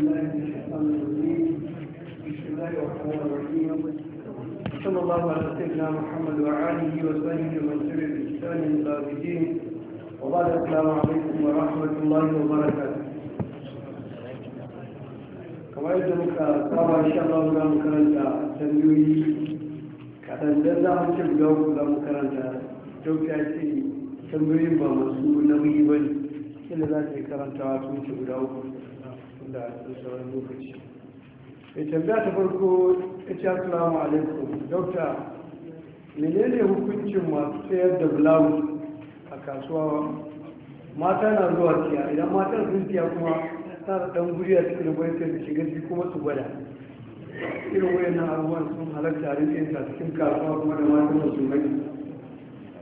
بالله من الشيطان الرجيم بسم الله الرحمن الرحيم صلى الله على سيدنا محمد وعاله وصحبه ومن سر الإحسان إلى الدين وبعد السلام عليكم ورحمة الله وبركاته kamar yadda muka saba insha Allah za mu karanta tambayoyi kaɗan dan za mu ci guda uku za mu karanta dauka ce tambayoyin ba masu nauyi ba ne kila za ta yi karantawa sun ci guda uku tunda da sauran lokaci ya eh, tambaya ta farko ya ce assalamu alaikum dokta menene hukuncin masu sayar da blouse a kasuwa mata na zuwa siya idan matan sun siya kuma sa da dan guri a cikin bayan sai da shiga ciki kuma su gwada irin wayannan abubuwan sun halarta a rikin sa cikin kasuwa kuma da matan musulmai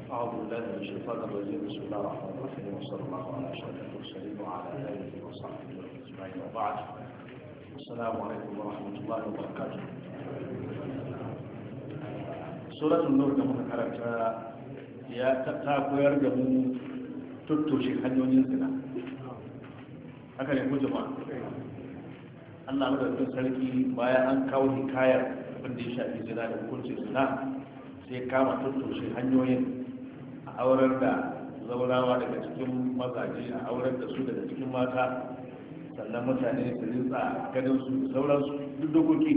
أعوذ بالله من الشيطان الرجيم بسم الله الرحمن الرحيم وصلى الله على أشرف المرسلين وعلى آله وصحبه ibrahim wa ba'd assalamu alaikum wa rahmatullahi wa barakatuh suratul nur da muka karanta ya ta koyar da mu tuttoshe hanyoyin haka ne ko jama'a Allah madaukakin sarki bayan an kawo hikayar abin da ya shafi zina da hukuncin zina sai kama tattoshe hanyoyin a aurar da zaurawa daga cikin mazaje a aurar da su daga cikin mata sannan mutane su rinsa gadon su sauransu duk dokoki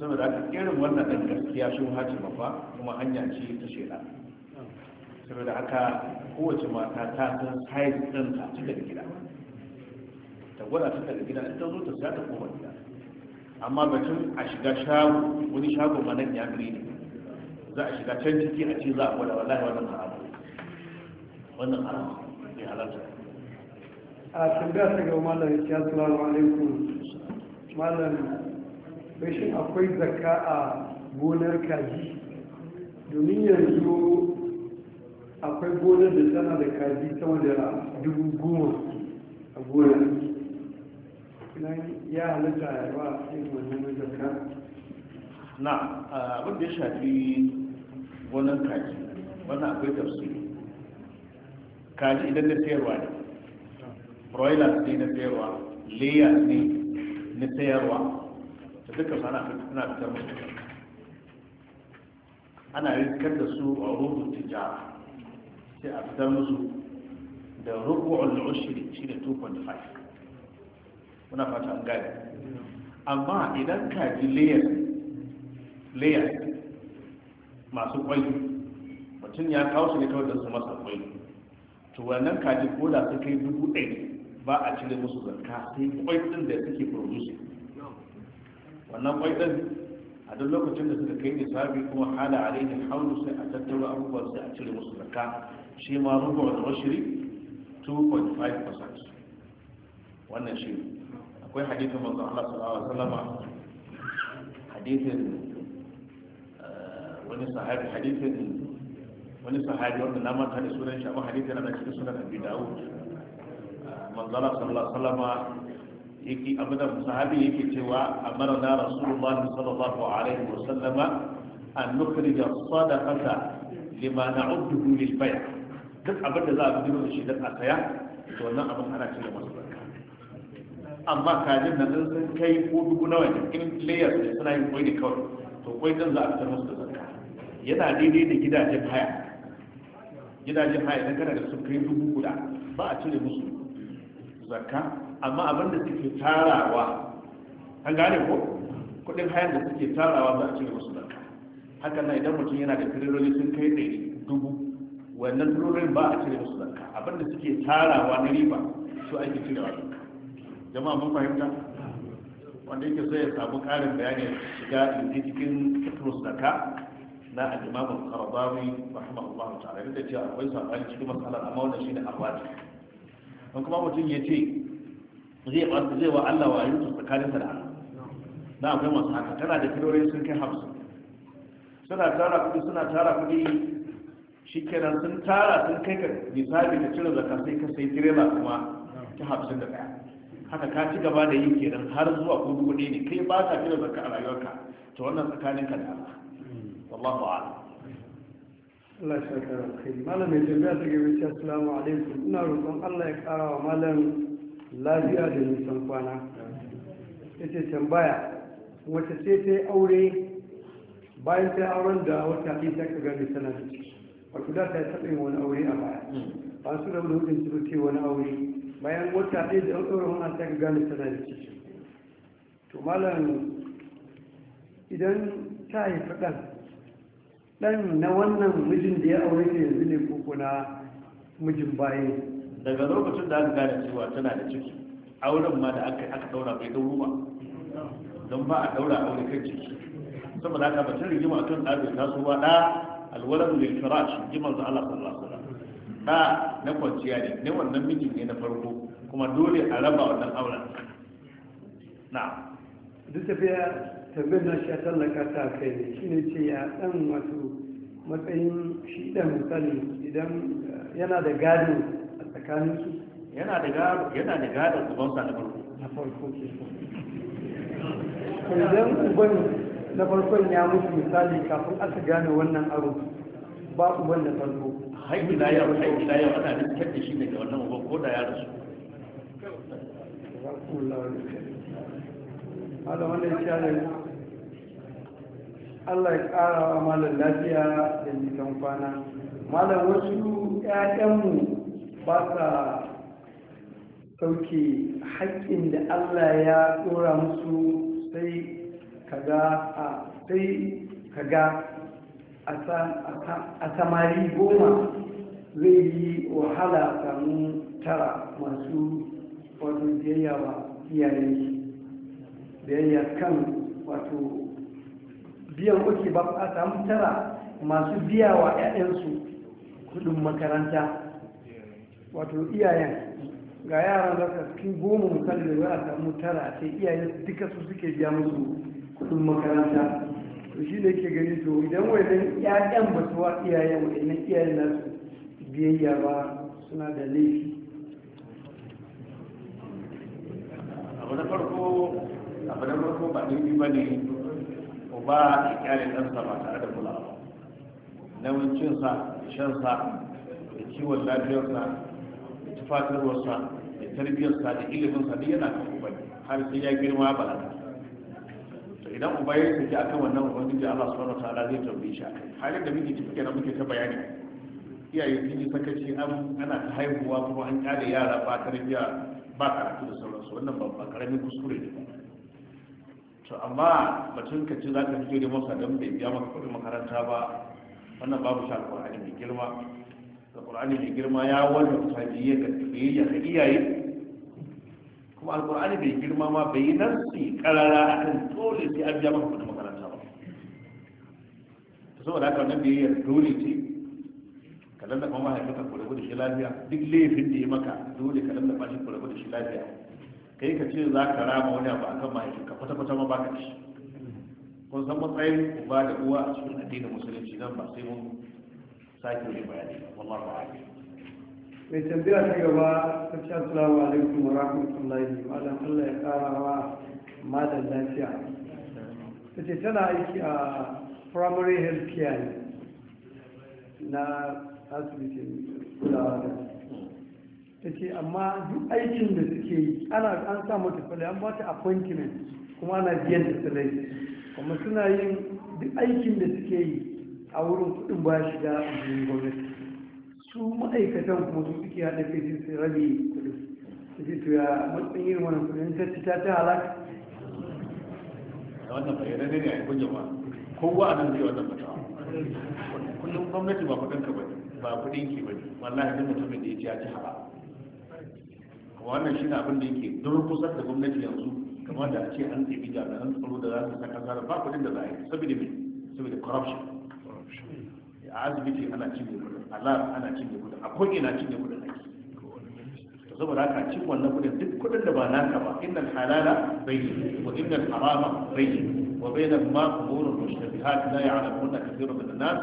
saboda aka irin wannan ɗan gaskiya shi hace mafa kuma hanya ce ta shela saboda aka kowace mata ta san size ɗinta ta da gida ta gwada ta daga gida ta zo ta siya ta koma gida amma batun a shiga shago wani shago ma nan ya gari ne za a shiga can ciki a ce za a gwada wallahi wannan haramu wannan haramu bai halarta a tambaya ta ga malar ya kiyar salamu alaikum malam bai shi akwai zaka a gonar kaji domin yanzu akwai gonar da tana da kaji sama da dubu goma a gonar ya halitta ya ba a cikin wannan zaka na abin da ya shafi gonar kaji wannan akwai tafsiri kaji idan da sayarwa ne broilers ne na sayarwa layers ne na sayarwa da duka sana suna fitar musu ana rikar da su a rubu tijara sai a fitar musu da al'ushiri shi shine 2.5 muna fata an gane amma idan ka ji layers layers masu kwai mutum ya kawo su ne kawai da su masa kwai to wannan kaji ko da su kai dubu ɗaya ba a cire musu zakka sai kwai din da suke produce wannan kwai din a duk lokacin da suka kai nisabi kuma hala alaihi haulu sai a tattaura abubuwan sai a cire musu zakka shi ma rubu wal washri 2.5% wannan shi akwai hadisin manzo Allah sallallahu alaihi wasallam hadisin eh, wani sahabi hadisin wani sahabi wanda na manta da sunan shi amma hadisin yana cikin sunan Abi Dawud manzala sallallahu alaihi yake abin da sahabi yake cewa a amara na rasulullahi sallallahu alaihi wa sallama an nukhrija sadaqata lima na na'udduhu lil bay' duk abin da za a gudu shi da a saya to wannan abin ana cire masu zakka amma kajin nan din sun kai ko dubu nawa ne in layers ne suna yin kwai da kawai to kwai din za a fitar masa zakka yana daidai da gidajen haya gidajen haya idan kana da sun kai dubu guda ba a cire musu zakka amma abinda suke tarawa an gane ko kudin hayan da suke tarawa za a cire musu zakka hakan na idan mutum yana da firiroli sun kai ɗari dubu wannan firilolin ba a cire musu zakka abinda suke tarawa na riba su ake cire wa zakka jama'a mun fahimta wanda yake so ya samu ƙarin bayani shiga inda cikin fitrus zakka na al ba al-qaradawi rahimahullahu ta'ala da cewa akwai sabani cikin masalar amma wannan shine arwaji in kuma mutum ya ce zai ɓarta zai wa Allah wa yin tsakanin da Allah na akwai masu haka tana da kilorin sun kai hamsin suna tara kuɗi suna tara kuɗi shi kenan sun tara sun kai ka misali ka cire zaka sai ka sai direba kuma ta hamsin da ɗaya haka ka ci gaba da yin kenan har zuwa ko dubu ne kai ba ka cire zaka a rayuwarka to wannan tsakanin ka da Allah wallahu a'lam Allah shi ka kai malam mai jami'a ta gabe ce assalamu alaikum ina roƙon Allah ya ƙara wa malam lafiya da nisan kwana ce tambaya wata ce ta yi aure bayan ta auren da wata ɗin ta ka gani tana da ciki wato da ta taɓa yin wani aure a baya ba su da hukun su ce wani aure bayan wata ɗaya da ɗaura wani ta ka gani tana da ciki to malam idan ta yi faɗan dan na wannan mijin da ya aure ne yanzu ne koko na mijin baye daga lokacin da aka gane cewa tana da ciki auren ma da aka aka daura bai dauro ba don ba a daura aure kan ciki saboda haka ba tun rigima kan tsarin taso ba da alwalad lil firash jimar da Allah sallallahu alaihi wasallam da na kwanciya ne ne wannan mijin ne na farko kuma dole a raba wannan auren na duk tafiya tambayar na shi ya tallaka ta kai ne shi ne ce ya ɗan wato matsayin shi da misali idan eh, yana da gado a tsakanin su yana da gado yana da gado ubansa na farko na farko ke idan uban na farko ya mutu misali kafin aka gane wannan aro ba uban da farko haiki na yau haiki na yau ana rikitar da shi ne ga wannan uban ko da ya rasu wannan shi allah ya ƙara wa malar lafiya da nisan kwana malar wasu 'ya'yanmu ba sa sauke haƙƙin da allah ya ɗora musu sai kaga a a samari goma zai yi wahala samu tara masu wato biyayya wa iyayen biyayya kan wato biyan uke ba a samu tara masu biya wa 'ya'yansu kudin makaranta wato iyayen ga yaran zaka cikin goma misali da za a samu tara sai iyayen duka su suke biya musu kudin makaranta to shi da yake gani to idan wajen 'ya'yan ba su wa iyayen na iyayen nasu biyayya ba suna da laifi abu na farko abu na farko ba ɗin ba ne uba ya kyale ɗansa ba tare da kula ba nauyin cinsa da shansa da kiwon lafiyarsa da tufatarwarsa da tarbiyarsa da iliminsa duk yana kan uba har sai ya girma ba balaga to idan uba ya a kan wannan ubangiji Allah subhanahu wataala zai tambaye shi akai halin da muke tafi kenan muke ta bayani iyaye sun yi sakaci an ana ta haihuwa kuma an kyale yara ba tarbiyya ba karatu da sauransu wannan ba karamin kuskure ne ba to amma mutum ka ce za ka fito da masa don bai biya maka kuɗin makaranta ba wannan babu shi alƙur'ani mai girma alƙur'ani mai girma ya wanda ta biyayya ga biyayya ga iyaye kuma alƙur'ani mai girma ma bai yi nasi karara kan dole sai an biya maka kuɗin makaranta ba saboda haka wannan biyayyar dole ce ka lallafa mahaifinka ku rabu da shi lafiya duk laifin da ya maka dole ka lallaba shi ku rabu shi lafiya kai ka ce za ka rama wani abu akan mahaifinka kwata-kwata ma ba ka ci kun san matsayin uba da uwa a cikin addinin musulunci nan ba sai mun sake wani bayani ba a'lam mai tambaya ta gaba ta ce assalamu alaikum wa rahmatullahi wa dan Allah ya kara wa madan lafiya ta ce tana aiki a primary health care na asibitin kulawa da ta ce amma duk aikin da suke yi ana an sa mata salari an ba ta appointment kuma ana biyan da salari kuma suna yin duk aikin da suke yi a wurin kudin ba shi da jirgin gwamnati su ma'aikatan kuma su suke haɗa kai su rabe kudin su ce to ya matsayin yin wannan kudin ta ci ta ta halaka wannan bayanan ne a yi jama'a kowa a nan zai wannan fatawa kullum gwamnati ba kudin ka bane ba kudin ki ne wallahi duk mutumin da ya ji ya ci haɓa wannan shi ne abin da yake durkusar da gwamnati yanzu kamar da a ce an ɗabi jami'an tsaro da za su saka zarar ba kuɗin da za a yi saboda me saboda corruption a asibiti ana cinye kuɗin a lab ana cinye kuɗin a ko'ina cinye kuɗin ake saboda haka cin wannan kuɗin duk kuɗin da ba naka ba innal halala bayyin wa innal harama bayyin wa bai ma bainahuma umurun mushtabihat la ya'lamunha kathirun min an-nas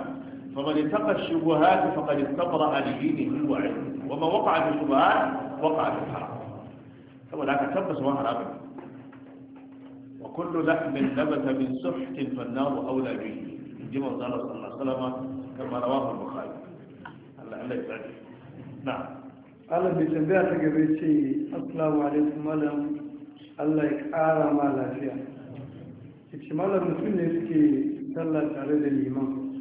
فمن اتقى الشبهات فقد استبرأ لدينه وعلمه وما وقع في الشبهات وقع في الحرام saboda haka tabbas wa haramun wa kullu lahmin nabata min suhtin fannaru aula bihi inji manzo Allah sallallahu alaihi wasallam kamar rawahu al-bukhari Allah Allah ya tsare na'am Allah bai tambaya ta gaba ce assalamu alaikum malam Allah ya kara ma lafiya ce malam mutum ne suke sallah tare da liman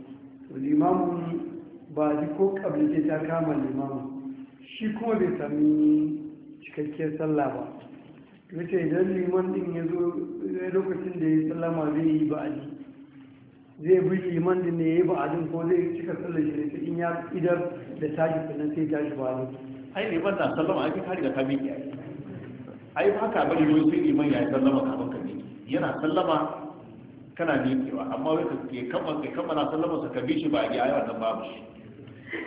limamun ba ji ko kabli ta kama limamun shi kuma bai sami cikakkiyar sallah ba yace idan liman din ya zo eh, lokacin da ya sallama zai yi ba'adi zai bi liman din ne ya yi ba'adin ko zai cika sallar shi ne in ya idar da tashi sannan sai tashi ba'adin ai liman na sallama ai ka riga ka bi ai ba ka bari wani sai liman ya yi sallama kafin ka yana sallama kana miƙewa amma wai ka ke kammala sallama sa ka bi shi ba a yi a yawan nan babu shi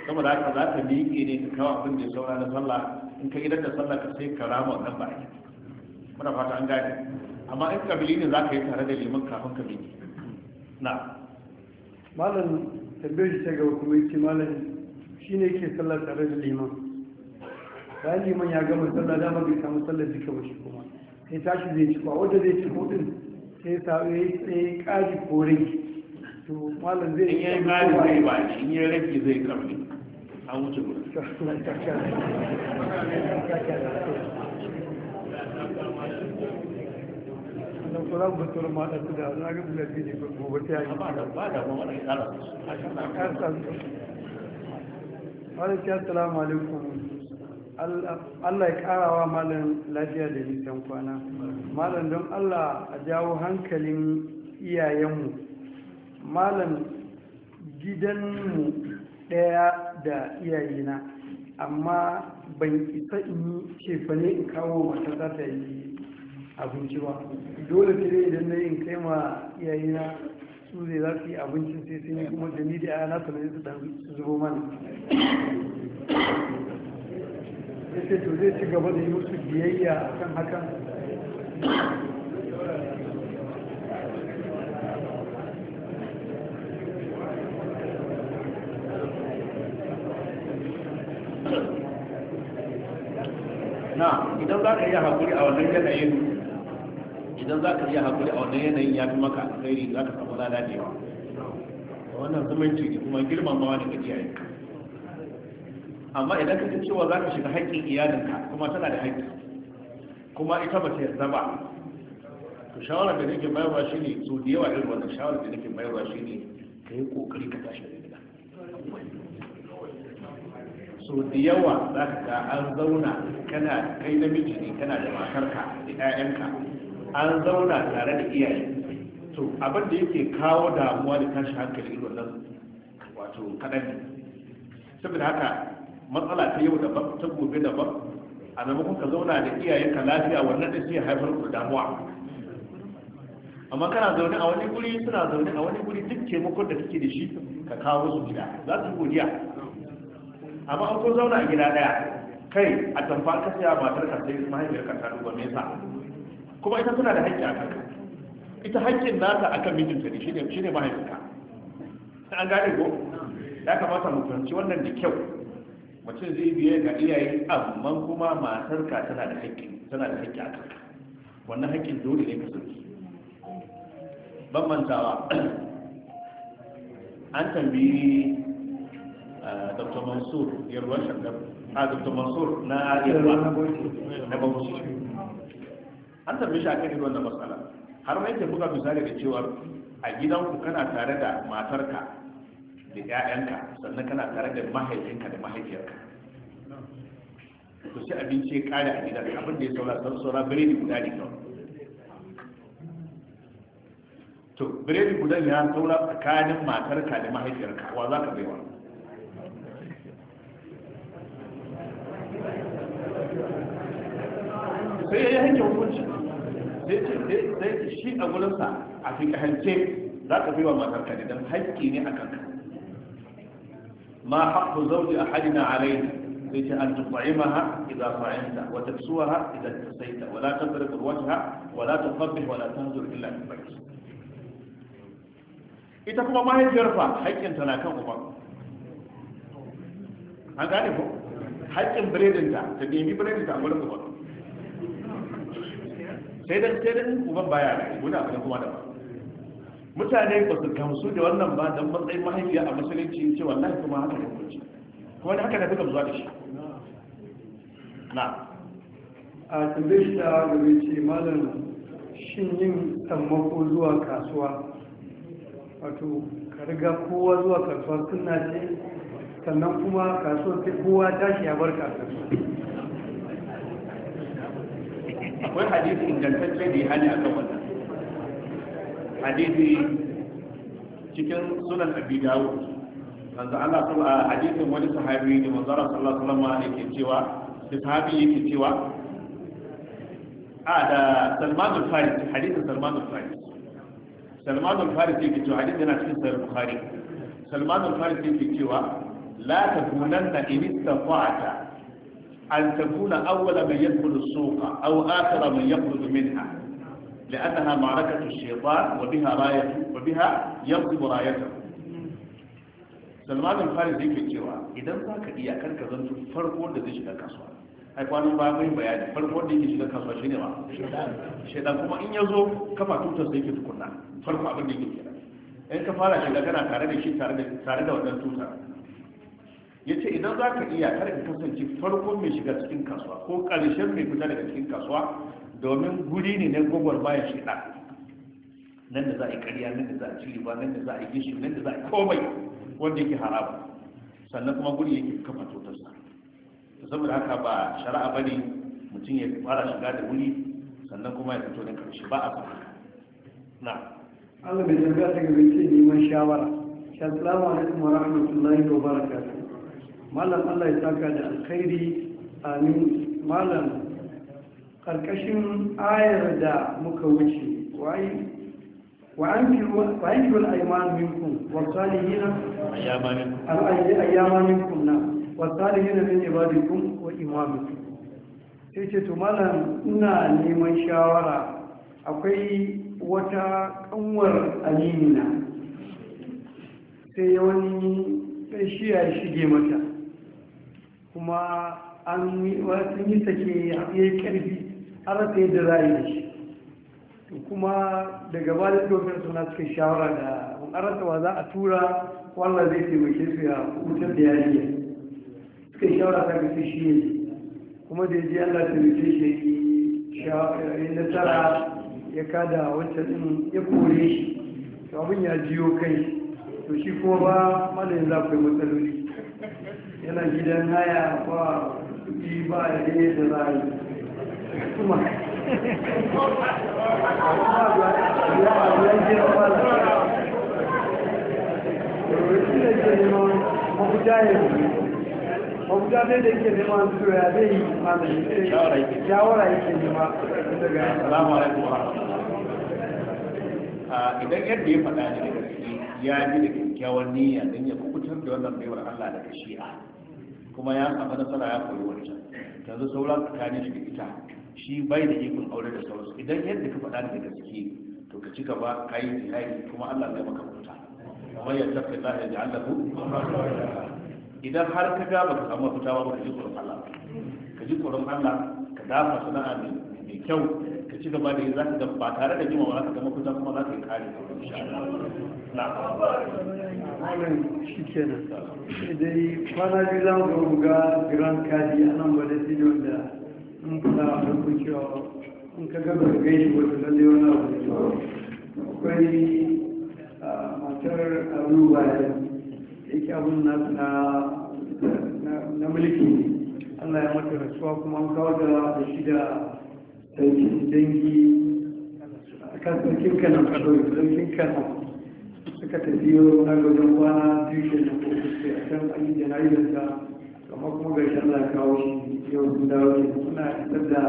saboda haka za ka miƙe ne ka kawo abin da ya saura na sallah in ka idan da sallah ka sai ka rama wannan ba ake muna fata an gane amma in kabili ne za ka yi tare da liman kafin ka kabili na malam tambayar shi ta gaba kuma yake malam shi ne ke sallah tare da liman bayan liman ya gama sallah dama bai samu sallar duka ba shi kuma sai tashi zai ci ba wanda zai ci hudun sai sa ya yi tsaye ƙari ko kore to malam zai yi ƙari zai ba in yi rage zai kabili an wuce gudu da kura ma da na ga ne gobe ta yi ba da ba da kara assalamu alaikum Allah ya karawa malam lafiya da nisan kwana malam don Allah a jawo hankalin iyayenmu malam gidanmu ɗaya da iyayena amma ban isa in yi cefane in kawo mata za ta yi abinci ba dole ne idan na in kai ma iyayena su zai za su yi abincin sai sun yi kuma da ni da yana su ne su zubo mana ya ce to zai ci gaba da yi musu biyayya kan hakan idan za ka iya haƙuri a wannan yanayin idan za ka yi haƙuri a wannan yanayin ya fi maka alkhairi za ka samu lalacewa wannan zumunci ne kuma girmamawa da ka yi amma idan ka ji cewa za ka shiga haƙƙin iyalinka kuma tana da haƙƙi kuma ita ba ta yarda ba to shawara da nake bayarwa ne so da yawa irin wannan shawara da nake bayarwa ne ka yi ƙoƙari ka tashi da gida so da yawa za ka ga an zauna kana kai namiji ne kana da matarka da 'ya'yanka an zauna tare da iyaye to abin da yake kawo damuwa da tashi hankali irin wannan wato kaɗan ne saboda haka matsala ta yau daban ta gobe daban a maimakon ka zauna da iyayenka lafiya wannan da sai haifar da damuwa amma kana zaune a wani guri suna zaune a wani guri duk taimakon da kake da shi ka kawo su gida za su godiya amma an ko zauna a gida daya kai a tamfa ka siya matar ka sai mahaifiyar ka ta duba mesa kuma ita tana da haƙƙi a kan ita haƙƙin a akan mijinta ne shine shine mahaifiyarka an gane ko ya kamata mu fahimci wannan da kyau mutum zai biye ga iyaye amma kuma matar ka tana da haƙƙi tana da haƙƙi a kan wannan haƙƙin dole ne ka sauki ban mantawa an tambayi eh, dr mansur yarwar Shagabu a ah, dr mansur na yarwa na babu an tambaye shi a kan wannan matsala har ma yake buga misali da cewar a gidanku kana tare da matarka da 'ya'yanka sannan kana tare da mahaifinka da mahaifiyarka to sai abinci ya kare a gidan abin da ya saura don saura biredi guda ne kawai to biredi guda ne ya saura tsakanin matarka da mahaifiyarka wa za ka baiwa shi a gurinsa a fiƙahance za ka baiwa matar ka don haƙƙi ne a kanka ma haƙƙu zauji a hadina alai sai ce an tufa'imaha idza fa'anta wa taksuwaha idza tasaita wa la tadrik wajha wala ta tuqabbih wala ta tanzur illa ta bayt ita kuma mahaifiyar fa haƙƙin ta na kan uban an gane ko haƙƙin biredinta ta nemi biredinta a gurin uban sai dan sai dan uban baya ne wani abu kuma da mutane ba su gamsu da wannan ba dan matsayin mahaifiya a musulunci ce wallahi kuma haka ne kunci kuma da haka da suka zuwa da shi na a tambayar shi da gabe ce malam shin yin sammako zuwa kasuwa wato ka riga kowa zuwa kasuwa suna ce sannan kuma kasuwar sai kowa tashi ya bar kasuwa akwai hadisi ingantacce da ya hali akan wannan hadisi cikin sunan abi dawud manzo Allah sun a hadisin wani sahabi ne manzo Allah sallallahu alaihi wasallam yake cewa da sahabi yake cewa a da Salman al-Farisi hadisin Salman al-Farisi Salman al-Farisi yake cewa hadisin yana cikin Sahih Bukhari Salman al-Farisi yake cewa la takunanna in istata'ta أن تكون أول من يدخل السوق أو آخر من يخرج منها لأنها معركة الشيطان وبها راية وبها يغضب رايته salmanin faris yake cewa idan za ka iya karka zanto farko wanda zai shiga kasuwa ai kwanan ba mai bayani farko wanda yake shiga kasuwa shi ne ba shaidan kuma in ya zo kafa tutar sai ke tukunna farko abin da yake kenan in ka fara shiga kana da tare da tutar ya ce idan za ka iya kar ka kasance farkon mai shiga cikin kasuwa ko ƙarshen mai fita daga cikin kasuwa domin guri ne na gogon bayan shida nan da za a yi ƙarya nan da za a ci riba nan da za a yi gishi nan da za a yi komai wanda yake haramu sannan kuma guri yake kafa tutarsa saboda haka ba shari'a bane mutum ya fara shiga da wuri sannan kuma ya fito da karshe ba a saka na Allah bai zanga ta gaba ce neman shawara. Assalamu alaikum wa rahmatullahi wa barakatuh. malam allah ya saka da alkhairi amin malam karkashin ayar da muka wuce Wa wa'an kiwon aiman minkum wasalihina ayyama minkum na wasalihina min ibadikum wa imamikum sai ce to malam ina neman shawara akwai wata kanwar alimina sai wani ɗan shiya shige mata kuma an yi sake ya yi karfi har ta yi da rayu da shi kuma daga bayan dokar suna suka shawara da ƙararsa wa za a tura wallah zai taimake su ya wutar da yariya suka shawara ta gasi shi ne kuma da yaji allah taimake shi ya yi nasara ya kada wancan din ya kore shi abin ya jiyo kai to shi kuma ba malayin za ku yi matsaloli yana gidan haya ba kuɗi ba da ne da za a yi kuma ya ne da yake neman tura yi yake idan yadda ya faɗa ne da ya ji da kyakkyawan niyya don ya kukutar da wannan baiwar Allah daga shi'a kuma ya samu nasara ya koyi wancan yanzu saura tsakanin shi da ita shi bai da ikon aure da sauransu idan yadda ka faɗa da gaske to ka ci gaba ka yi jihadi kuma Allah zai maka mota kuma ya tafi Allah ya ji allahu idan har ka ga ka samu fita ba ka ji tsoron Allah ka ji tsoron Allah ka dafa sana'a mai kyau ka ci gaba da yi za ka ba tare da jimawa za ka ga mafita kuma za ka yi kare da wani shi kenan kwana biyu za mu ga grand kadi a nan wadda su wanda in fita a cewa in ka gaba wata lalle wani abu da akwai matar abu bayan yake abun nasu na mulki allah ya mata rasuwa kuma an kawo da shi da dangi a kan kanan kanan suka tafi yau na gajen kwana biyu ke na kuma sai a can an yi jana'izar ta kamar kuma ga shi kawo shi yau sun dawo ke suna isar da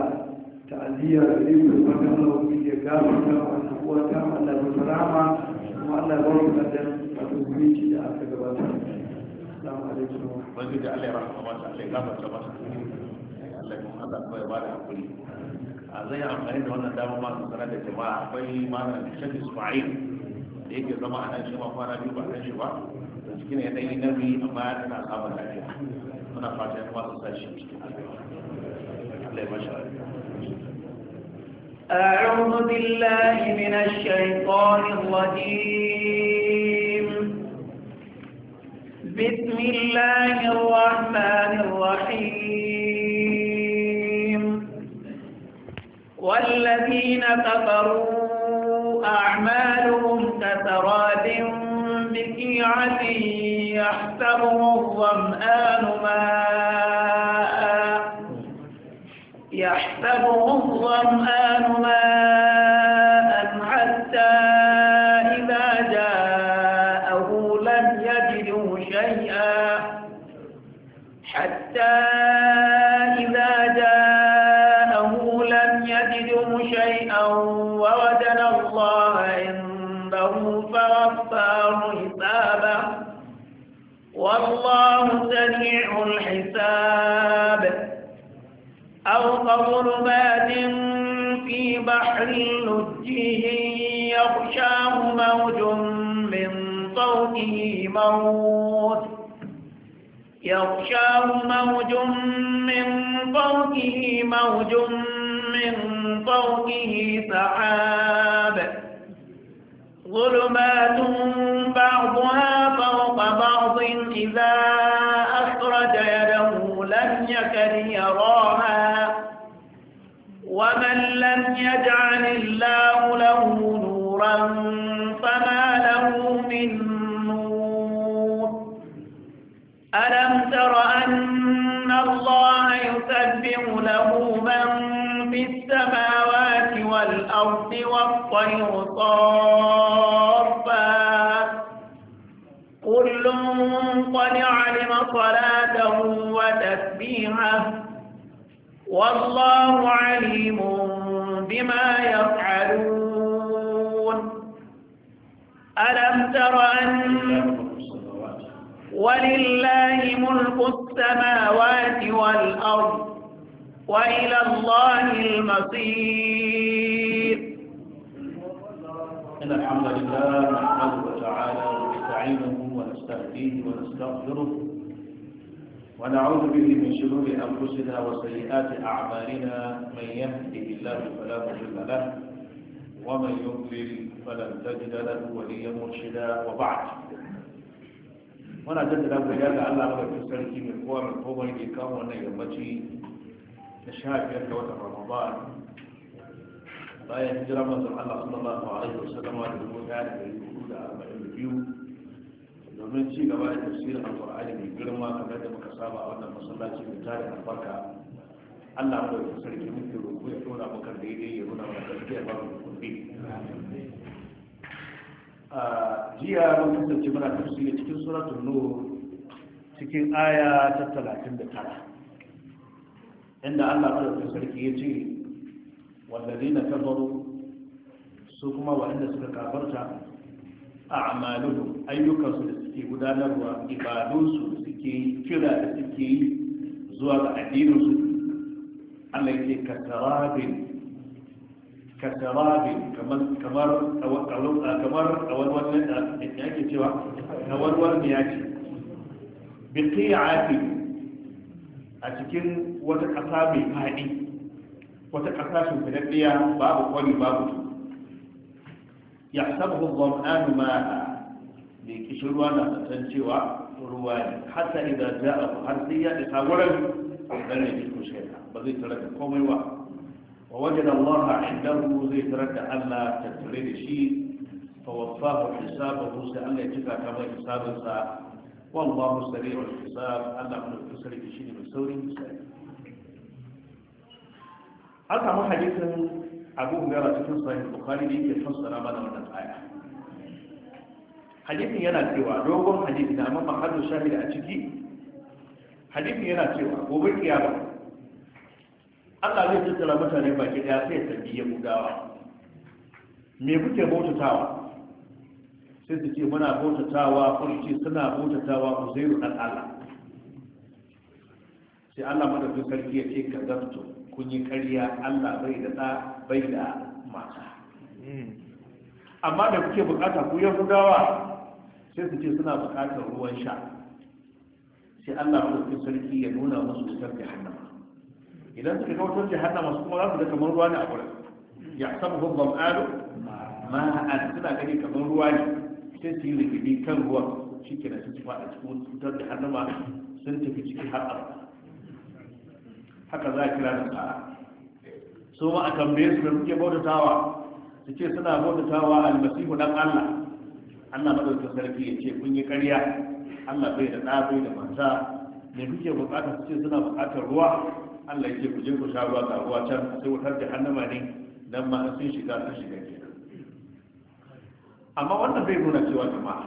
ta'aziyya da zai kuma kan Allah ku ya gafa ta wannan uwa ta Allah ba ta rama kuma Allah ba ku kadan wato zuci da aka gabatar. Assalamu alaikum. Wani da Allah ya rahama ba ta Allah ya gafa ta ba ta. Allah ya kuma Allah ya ba da hakuri. a zai amfani da wannan dama masu sanar da jama'a akwai malam Sheikh Ismail da yake zama ana shi ma kwana biyu ba kan shi ba da ciki ne dan yi nabi amma ya tana samun lafiya muna fata ya kwasu sa shi cikin Allah ya masha أعوذ بالله من الشيطان الرجيم بسم الله الرحمن الرحيم والذين كفروا أعمالهم كسراب بكيعة يحسبه الظمآن ماء يحسبه الظمآن ماء موج من فوقه موج من فوقه سحاب ظلمات بعضها فوق بعض إذا أخرج يده لم يكن يراه له من في السماوات والأرض والطير صافات كل قد علم صلاته وتسبيحه والله عليم بما يفعلون ألم تر أن ولله ملك السماوات والأرض وإلى الله المصير إن الحمد لله نحمده وتعالى ونستعينه ونستهديه ونستغفره ونعوذ به من شرور أنفسنا وسيئات أعمالنا من يهده الله فلا مضل له ومن يضلل فلن تجد له وليا مرشدا وبعد muna jaddada ku ya da Allah madaukakin sarki mai kowa mai komai ke kawo wannan yammaci da sha biyar ga watan ramadan bayan hijira manzon Allah sallallahu alaihi wasallam da dubu ɗaya da ɗari hudu da arba'in da biyu domin ci gaba da tafsirin alƙur'ani mai girma kamar da muka saba a wannan masallaci mai tarin albarka Allah mu da sarki muke roƙo ya tona maka daidai ya nuna mana gaskiya ba mu kuɗi jiya mun kasance muna tafsiri cikin cikin aya ta talatin da tara inda Allah madaukakin sarki ya ce wallazina kafaru su kuma waɗanda suka kafarta a amaluhu ayyukansu da suke gudanarwa ibadunsu da suke kira da suke yi zuwa ga addininsu Allah ya ce katarabin katarabin kamar kawarwar ne ya ce biqi'atin a cikin wata ƙasa mai faɗi wata ƙasa shimfiɗaɗɗiya babu kwari babu tu ya saba hukwa ma'anu ma mai kishin ruwa na tsatsan cewa ruwa ne hatta idan za a har sai ya ɗisa wurin ɗan ya cikin shaida ba zai tarar da komai ba wa wajen Allah a indahu zai tarar da Allah tattare da shi fa wasafa hisabahu sai Allah ya cika ta mai hisabinsa wallahu sari'ul hisab Allah mun fi sarki shine mai saurin an samu hadisin Abu Hurairah cikin sahih Bukhari da yake fassara mana wannan aya hadisin yana cewa dogon hadisi na amma mahallu shahid a ciki hadisin yana cewa gobe kiyama Allah zai tattara mutane baki daya sai ya tambaye gudawa me kuke bautatawa sai su ce muna bautatawa kurci suna bautatawa uzairu dan Allah sai Allah madafin sarki ya ce ka zarto kun yi karya, Allah bai da ɗa bai da mata amma da kuke bukata ku gudawa sai su ce suna bukatar ruwan sha sai Allah madafin sarki ya nuna musu wutar jahannama idan suka ga wutar jahannama su kuma za su ga kamar ruwa ne a gurin ya sabu hubbam alu ma'an suna gani kamar ruwa ne sai su yi rigidi kan ruwan shi ke da cikin faɗa cikin cutar da hannuma sun tafi ciki har a haka za a kira da tsara So ma a tambaye su da suke bautatawa su ce suna bautatawa almasihu dan allah allah madaukakin sarki ya ce kun yi karya allah bai da ɗa da mata ne kuke buƙatar su ce suna buƙatar ruwa allah ya ce ku je ku sha ruwa ga ruwa can sai wutar da hannuma ne dan ma sun shiga sun shiga ke amma wannan bai nuna cewa jama'a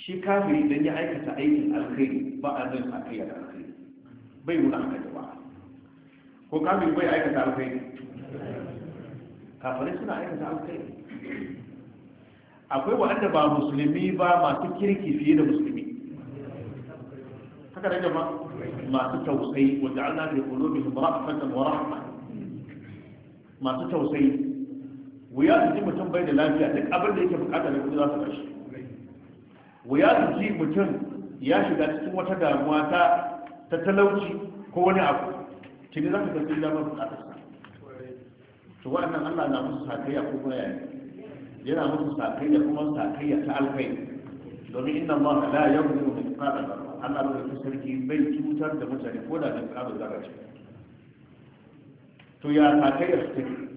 shi kafiri don ya aikata aikin alkhairi ba a zai sa kai da alkhairi bai nuna haka jama'a ko kafiri bai aikata alkhairi kafirai suna aikata alkhairi akwai waɗanda ba musulmi ba masu kirki fiye da musulmi haka da jama'a masu tausayi wanda Allah bai kulo bihim rahmatan wa rahma masu tausayi wuya su ji mutum bai da lafiya duk abin da yake bukata ne kuma za su kashe. wuya su ji mutum ya shiga cikin wata damuwa ta ta talauci ko wani abu kini za ka tafi damar sa. to waɗannan allah na musu sakayya ko kuma yayi yana musu sakayya kuma sakayya ta alkai domin inna allah la yaghfiru min qabla allah bai sarki bai cutar da mutane ko da da qala zaka to ya sakayya su take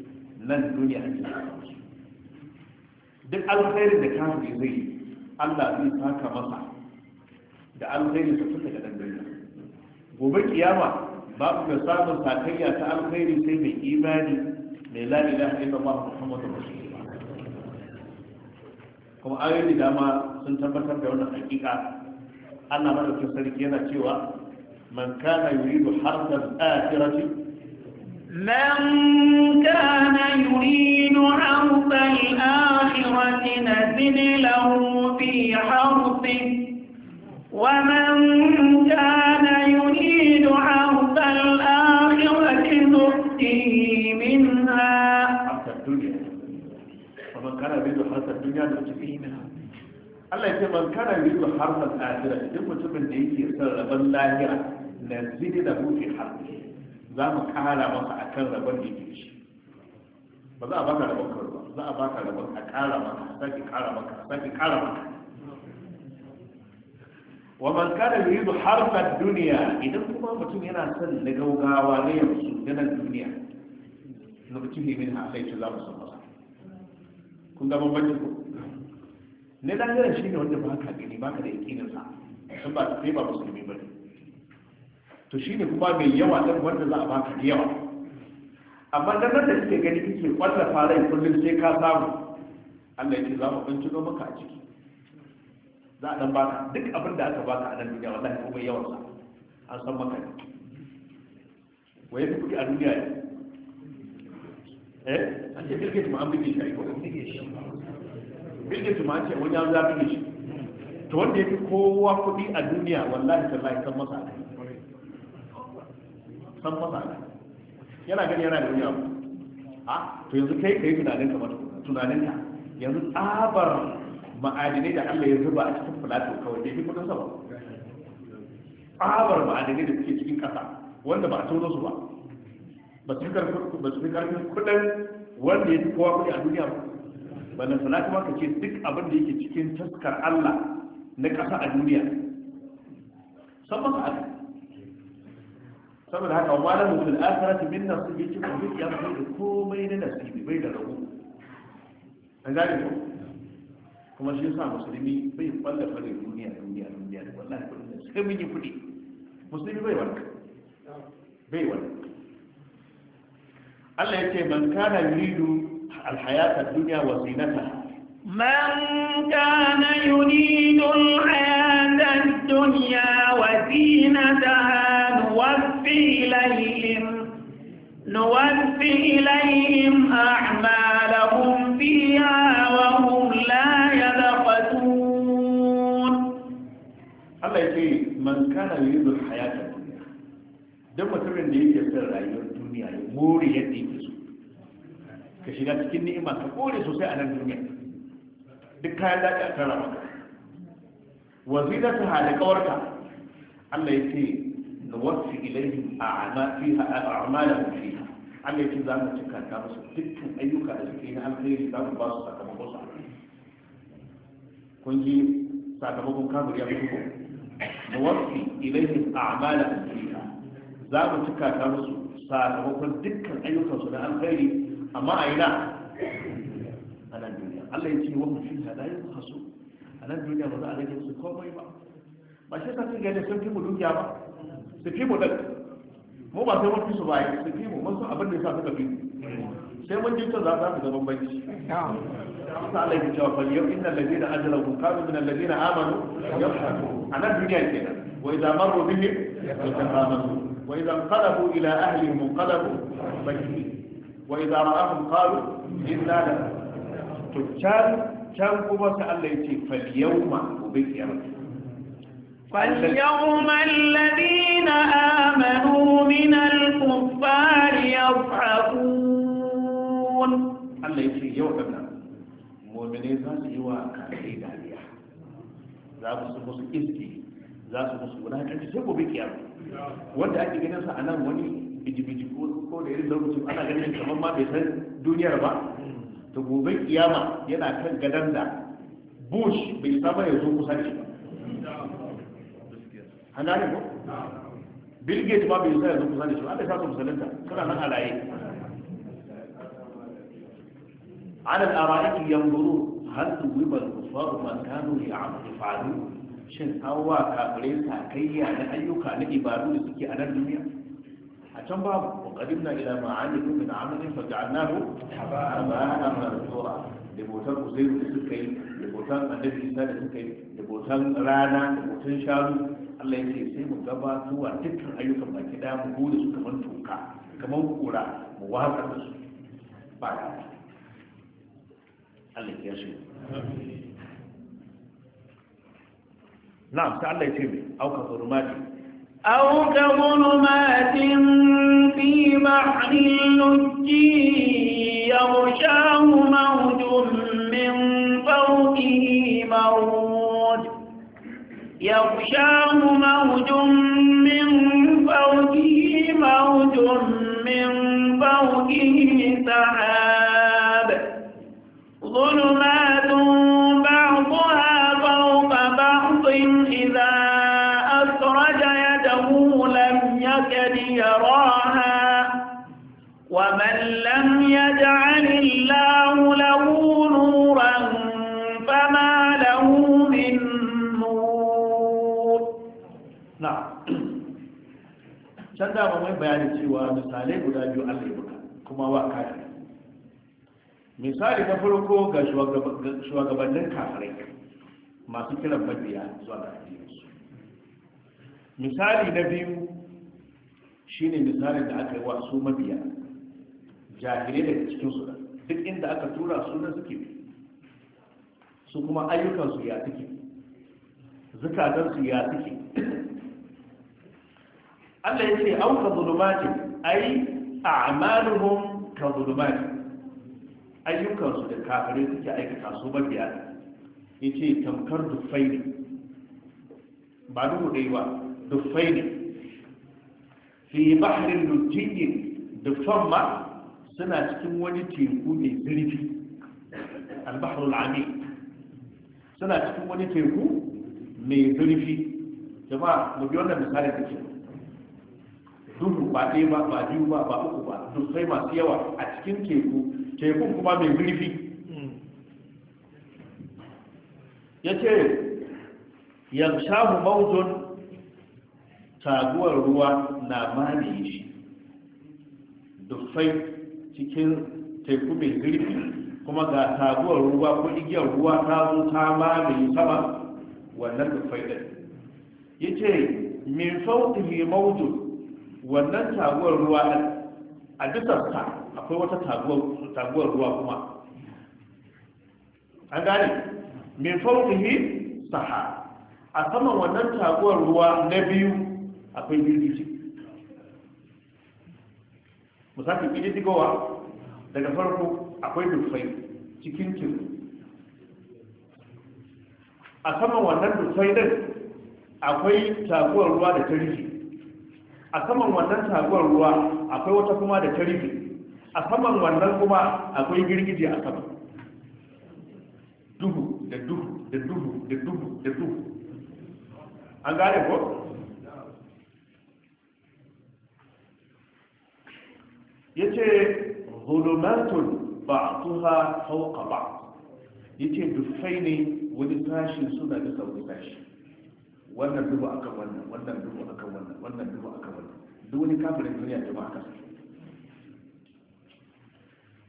nan duniya a cikin duk alkhairin da kafin zai Allah zai saka masa da alkhairin sa suka da nan gobe kiyama ba ku da samun sakayya ta alkhairi sai mai imani mai la ilaha illallah muhammadur rasulullah kuma ayoyi da dama sun tabbatar da wannan hakika Allah madaukakin sarki yana cewa man kana yuridu harfal akhirati من كان يريد حرث الآخرة نزل له في حرثه ومن كان يريد حرث الآخرة نؤتيه منها حرث الدنيا ومن كان يريد حرث الدنيا نؤتيه منها Allah ya ce man kana حرث harfal akhirah duk mutumin da yake son rabon lahira na zidi za mu kara maka a kan rabon da yake shi ba za a baka rabon ka ba za a baka rabon a kara maka a sake kara maka a sake kara maka wa man kana yuridu harfa duniya idan kuma mutum yana son na gaugawa na yanzu na nan duniya na mutum ne min halai ce za mu san masa kun ga bambancin ku na dangaren shi ne wanda ba ka gani ba ka da yakinin sa sun ba sai ba musulmi ba ne to shi ne kuma mai yawa ɗan wanda za a baka da yawa amma dan nan da suke gani kike kwallafa farai kullum sai ka samu Allah ya ce za mu ga maka a ciki za a dan baka duk abin da aka baka a nan duniya wallahi ko mai yawan sa an san maka ne waye fi kuɗi a duniya ne eh an ce bilgate ma an bige shi a iko bilgate ma an ce wani ya zaɓi shi to wanda ya fi kowa kuɗi a duniya wallahi tallahi san masa a kai san fasa yana gani yana da wani ba a to yanzu kai kai tunanin ka mata tunanin ka yanzu tsabar ma'adinai da Allah ya zuba a cikin plato kawai da fi kudin sa ba tsabar ma'adinai da suke cikin kasa wanda ba a tono su ba ba su fi karfin kudin wanda ya fi kowa kudi a duniya ba ba na sanata ka ce duk abin da yake cikin taskar Allah na ƙasa a duniya san masa saboda haka wala mu fil akhirati min nasib yake ko duk ya fi da komai na nasibi bai da rabu an gane ko kuma shi yasa musulmi bai kwalla fare duniya duniya duniya wallahi kudin sai mun yi kudi musulmi bai wanka bai wanka Allah yake man kana yuridu الحياة الدنيا وزينتها من كان يريد الحياة الدنيا وزينتها نوفي إليهم نوفي إليهم أعمالهم فيها وهم لا يبخسون الله يقول من كان يريد الحياة الدنيا دم mutumin da yake son rayuwar duniya ya more yadda yake so ka shiga cikin ni'ima ka kore sosai a nan duniya duk kayan daɗi a tara maka wazinata da kawarka Allah ya ce nuwaffi ilayhim a'ma fiha a'malahum fiha yake za mu cika ta musu dukkan ayyuka da suke na alkhairi za mu ba su sakamakon su kun ji sakamakon ya fito fiha za mu cika ta musu sakamakon dukkan ayyukan su na amma a ina a nan duniya Allah ya ce wa mu a nan duniya ba za a rage komai ba ba shi ta sun fi mu dukiya ba su fi mu dan mu ba sai mun fi su ba su fi mu mun san abin da yasa suka fi sai mun ji ta za ta ga bambanci Allah Allah ya cewa fal yau innal ladina ajrahu kanu min alladina amanu yafhamu ana duniya kenan wa idza marru bihim yatafahamu wa idza qalabu ila ahlihim qalabu bakin wa idza ra'ahum qalu inna la to can can kuma sai Allah ya ce fal yawma ubi kiyamah فاليوم الذين آمنوا من الكفار يضحكون الله يسي يوكنا مؤمنين ذات يوا كافي داليا ذات سمس إزكي ذات سمس ولكن تسيبوا بكيا wanda ake ganin sa anan wani bijibiji ko da irin lokacin ana ganin kamar ma bai san duniyar ba to gobe kiyama yana kan gadan da bush bai saba ya zo kusa shi ba an gane ko bill gates ma bai sai yanzu kusa da shi Allah ya sa musulunta suna nan halaye. tsara alaye ala al-ara'iki yanzuru hal tuwiba al-kuffar ma kanu ya'malu shin an wa kafirai sakayya na ayyuka na ibadu da suke a nan duniya a can babu wa qadimna ila ma amilu min amalin fa ja'alnahu haba'an mansura da botan uzairu da suka yi da botan annabi isa da suka yi da botan rana da botan sharu Allah ya ce sai mu gabatowa dukkan ayyukan baki daya mu gode su kamar toka kamar kura mu watsar da su ba da Allah ya shi na'am ta Allah ya ce mai auka zurmati أو كظلمات في بحر اللج يغشاه موج من فوقه موج يغشاه misalai guda biyu allah ya buga kuma wa kafin misali na farko ga shugabannin kafirai masu kiran mabiya zuwa ga addininsu misali na biyu shine misalin da aka yi wa su mabiya jahilai daga cikin su duk inda aka tura su na suke su kuma ayyukansu ya suke zukatansu ya suke Allah ya ce auka zulumatin ai a'maluhum ka zulumat ayyukansu da kafirai suke aikata su biya yace tamkar dufai ne ba duhu dai ba dufai ne fi bahrin lujjin dufan ma suna cikin wani teku mai zurfi albahru al'ami suna cikin wani teku mai zurfi jama'a mu bi wannan misali da ke duhu ba ɗaya ba ba biyu ba ba uku ba sai masu yawa a cikin teku tekun kuma mai zurfi ya ce yanshahu mautun taguwar ruwa na mani shi dufai cikin teku mai zurfi kuma ga taguwar ruwa ko igiyar ruwa ta zo ta mamaye sama wannan dufai ɗin ya ce min sautin mautun wannan taguwar ruwa ɗin a bisarta akwai wata taguwar ruwa kuma an gane mai fauƙihi saha a saman wannan taguwar ruwa na biyu akwai girgiji musafin ƙididdigowa daga farko akwai dufai cikin teku a saman wannan dufai ɗin akwai taguwar ruwa da tarihi a saman wannan taguwar ruwa akwai wata kuma da ta rufe a saman wannan kuma akwai girgije a saman duhu da duhu da duhu da duhu da duhu an gane ko ya ce ba a tuha hauka ba ya ce dufai ne wani tashi suna da sauri tashi wannan dubu aka wannan wannan dubu aka wannan wannan dubu aka wannan duk wani kafirin duniya da ba akan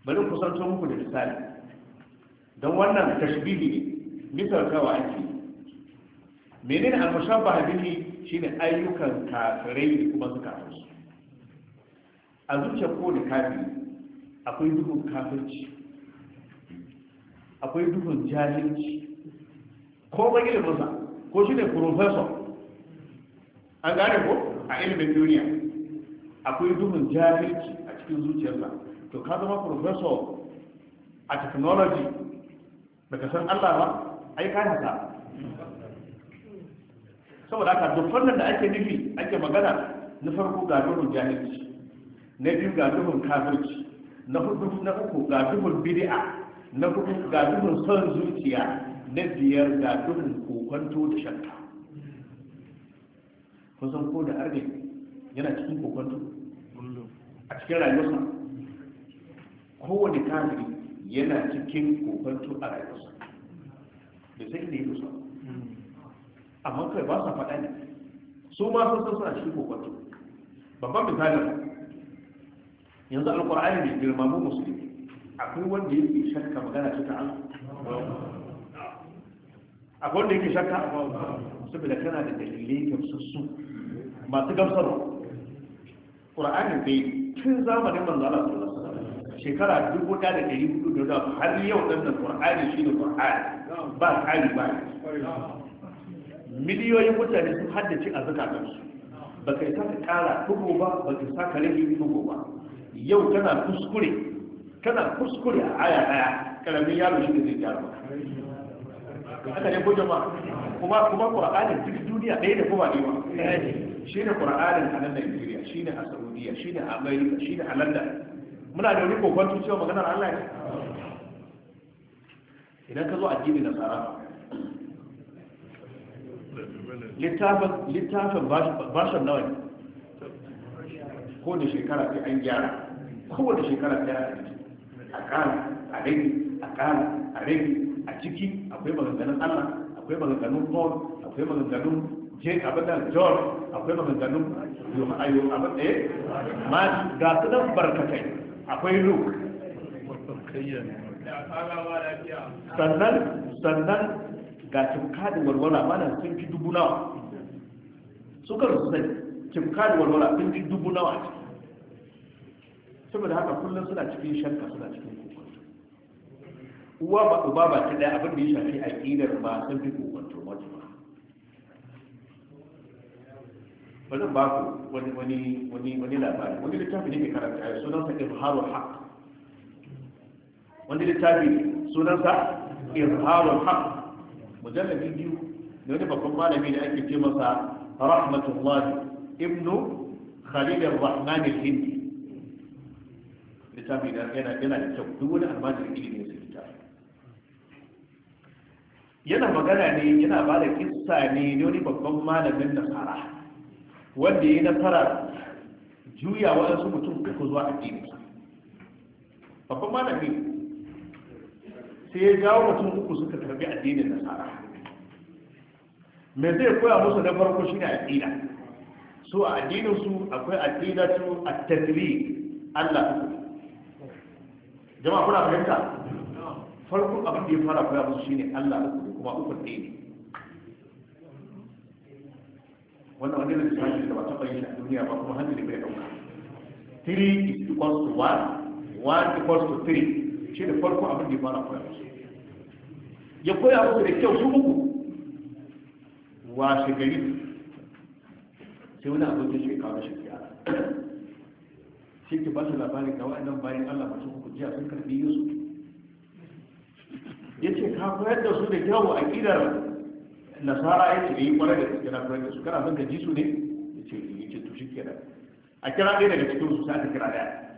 bari ku san to muku da misali don wannan tashbihi ne kawa ake menene al-mushabbaha bihi shine ayyukan kafirai da kuma su kafirai a zuciyar da kafiri akwai duhun kafirci akwai duhun jahilci ko ba ilimin ko shi ne professor an gane ko a ilimin duniya akwai duhun jahilci a cikin zuciyarsa to ka zama professor a technology baka san Allah ba ai ka haka saboda haka duk nan da ake nufi ake magana na farko ga duhun jahilci na biyu ga duhun kafirci na hudu na uku ga duhun bid'a na hudu ga duhun son zuciya na biyar da duhun kokonto da shakka kusan ko da arge yana cikin kokonto a cikin rayuwarsa kowane kafiri yana cikin kokonto a rayuwarsa da sai ne yi amma kai ba sa faɗa ne su ma sun san suna cikin kokonto babban misalin yanzu alkur'ani ne girma musulmi akwai wanda yake shakka magana cikin Allah akwai wanda yake shakka a bawa saboda kana da dalilai gamsassu masu gamsarwa ƙura'anin yi tun zamanin manzala da shekara dubu da ɗari hudu da zafi har yau ɗan da ƙwar'ani shi ne ƙwar'ani ba ƙari ba miliyoyin mutane sun haddace a zakatarsu ba kai saka ƙara dubu ba ba kai saka rage dubu ba yau kana kuskure kana kuskure a aya ɗaya ƙaramin yaro shi ne zai gyara ba haka ne ko jama'a kuma kuma qur'anin duk duniya ɗaya da kuma ɗaya shine qur'anin a nan Najeriya shine a Saudiya shine a America shine a London muna da wani kokon cewa maganar Allah ne idan ka zo addini na tsara littafin littafin bashin nawa ne ko da shekara sai an gyara ko da shekara sai a ƙara a rage a ƙara a rage a ciki akwai maganganun Allah akwai maganganun Paul akwai maganganun je abin da John akwai maganganun ayo abin da ma ga su nan barkatai akwai Luke sannan sannan ga cimka da walwala mana sun fi dubu nawa Su kan su sai cimka da walwala sun fi dubu nawa saboda haka kullum suna cikin shakka suna cikin uwa ba uba ba ta da abin da ya shafi aqidar ba san fi kokonto wato ba bari ba ku wani wani wani wani labari wani littafi ne ke karanta ya sunan sa izharul haq wani littafi sunan sa izharul haq mujalladi biyu da wani babban malami da ake ce masa rahmatullahi ibnu khalil ar-rahman al-hindi littafi yana yana da kyau duk wani almajiri ilimi ne su littafi yana magana ne yana ba da kissa ne da wani babban malamin nasara wanda ya nasara juya waɗansu mutum ku zuwa addini babban malami sai ya jawo mutum uku suka karbi addinin nasara me zai koya musu na farko shi ne addina? so a addininsu su akwai su a tattali Allah jama'a kuna fahimta farko abin da ya fara koya musu shi ne Allah uku kuma uku ɗaya ne wannan wani da shi da ba ta bayyana a duniya ba kuma da bai ɗauka 3 is equals to 1 1 equals to 3 shi da farko abin da ya fara koya ya koya musu da kyau su uku washe gari sai wani abokin shi kawo shi ya shi ke ba su labarin ga wa'annan bayan allah masu hukunci a sun karbi yusuf ya ce ka koyar da su da kyau a ƙidar nasara ya ce yi eh, kwarar da suke na koyar da su kana son ka ji su ne ya ce eh, yi ce tushe shi a kira ɗaya daga cikin su sai ta kira ɗaya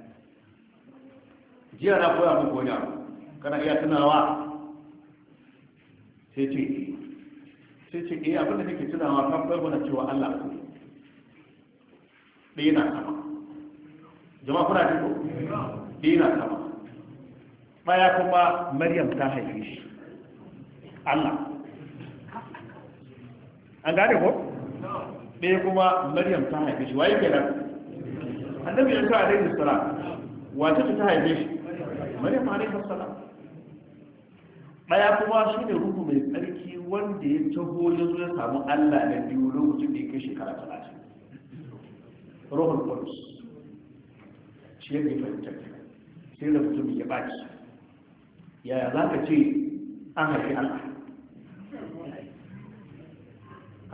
jiya na koya mu koya kana iya tunawa sai ce eh. sai ce eh abinda da kake tunawa kan koyar mana cewa Allah ku ɗaya na sama jama'a kuna jiko? ko ɗaya na sama ɗaya kuma maryam ta haife shi allah an gane ko ɗaya kuma maryam ta haife shi waye kenan annabi ya sa alaihi salam wace ta haife shi maryam alaihi salam ɗaya kuma shi ne ruhu mai tsarki wanda ya taho ya zo ya samu allah da biyu lokacin da ya kai shekara talatin ruhul qudus shi yake fahimtar sai da mutum ya baki yaya za ka ce an haifi Allah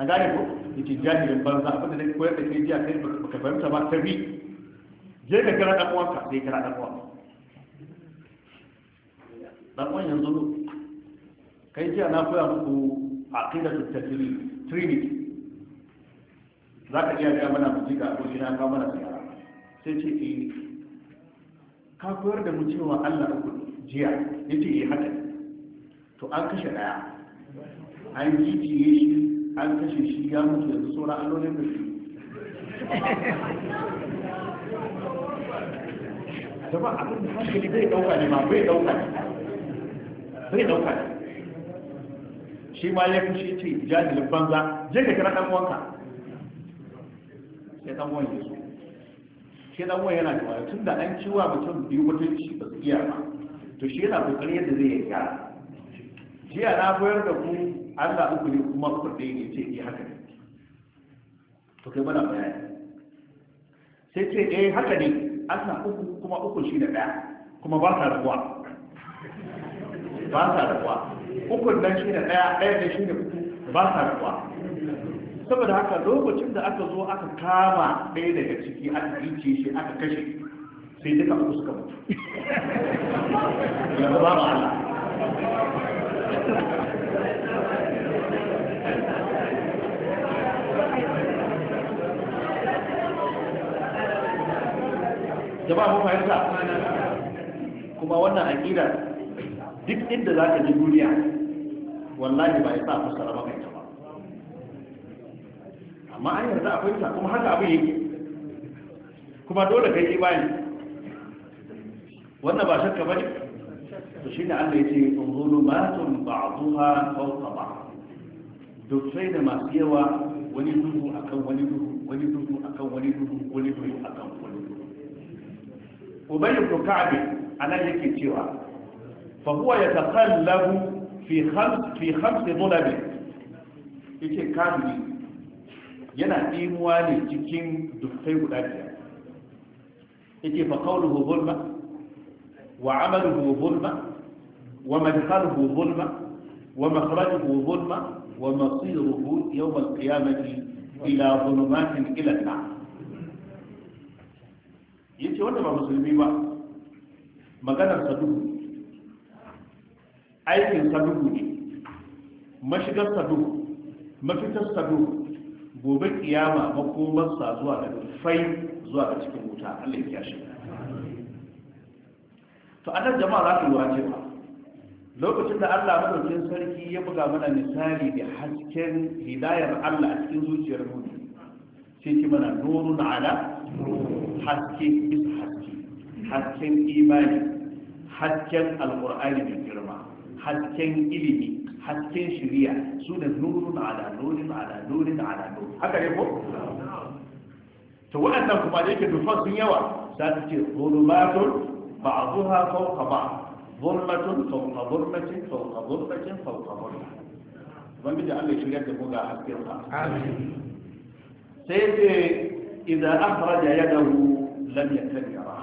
a gane ko yake jahilin banza abinda da koyar da ke jiya kai baka fahimta ba ta bi je ka kira dan uwanka sai kira dan uwanka dan uwan yanzu kai jiya na koya muku aqidatu tajrid trinity za ka iya ga mana mutu ga abokina ka mana sai ce eh, ka koyar da mu cewa Allah uku jiya ya ce ya eh, haɗa to an kashe daya an jiye shi an kashe shi ya mutu yanzu sauran allolin da shi zama ba abin da hankali bai dauka ne ma bai dauka ne bai dauka ne shi ma ya fushi ce jajilin banza je ka kira dan uwanka sai dan uwan ya zo sai dan uwan yana da wayo tun da an ciwa mutum biyu mutunci ba su iya ba to shi yana kokarin yadda zai yi gyara jiya na koyar da ku Allah uku ne kuma uku ɗaya ne ce ke eh haka ne to kai mana bayani sai ce eh haka ne Allah uku kuma uku shi da ɗaya kuma ba sa rabuwa ba sa rabuwa ukun nan shi da ɗaya ɗaya da shi da uku ba sa rabuwa saboda haka lokacin da aka zo aka kama ɗaya daga ciki aka rice shi aka kashe sai duka uku suka mutu yanzu ba ma Allah jama'a mun fahimta kuma wannan aƙida duk inda za ka ji duniya wallahi ba ya sa fuskara maka ita ba amma an yarda akwai ta kuma haka abin yake kuma dole kai imani wannan ba shakka bane to shine Allah yace zulumatun ba'daha fawqa ba'd duk sai da masu yawa wani duhu akan wani duhu wani duhu akan wani duhu wani duhu akan wani duhu ubay ibn ka'b anan yake cewa fa ya yataqallabu fi khams fi khams dhulab yake kafiri yana ɗimuwa ne cikin dukkai guda biyar yake fa qawluhu zulma وعمله ظلمة ومدخله ظلمة ومخرجه ظلمة ومصيره يوم القيامة إلى ظلمات إلى النار yace wanda ba musulmi ba maganar saduhu aikin saduhu ne mashigar saduhu mafitar saduhu gobe kiyama makomarsa zuwa ga fai zuwa ga cikin wuta Allah ya shiga to a nan jama'a za ku lura cewa lokacin da Allah madaukakin sarki ya buga mana misali da hasken hidayar Allah a cikin zuciyar mu sai ki mana ala haske is haske hasken imani hasken alkur'ani da girma hasken ilimi hasken shiriya su da nurun ala nurin ala ala nurin haka ne ko to waɗannan kuma da yake dufan sun yawa za su ce zulumatun بعضها فوق بعض ظلمة فوق ظلمة فوق ظلمة فوق ظلمة من بدي أن يشريك بقى حتى سيد إذا أخرج يده لم يكن يراه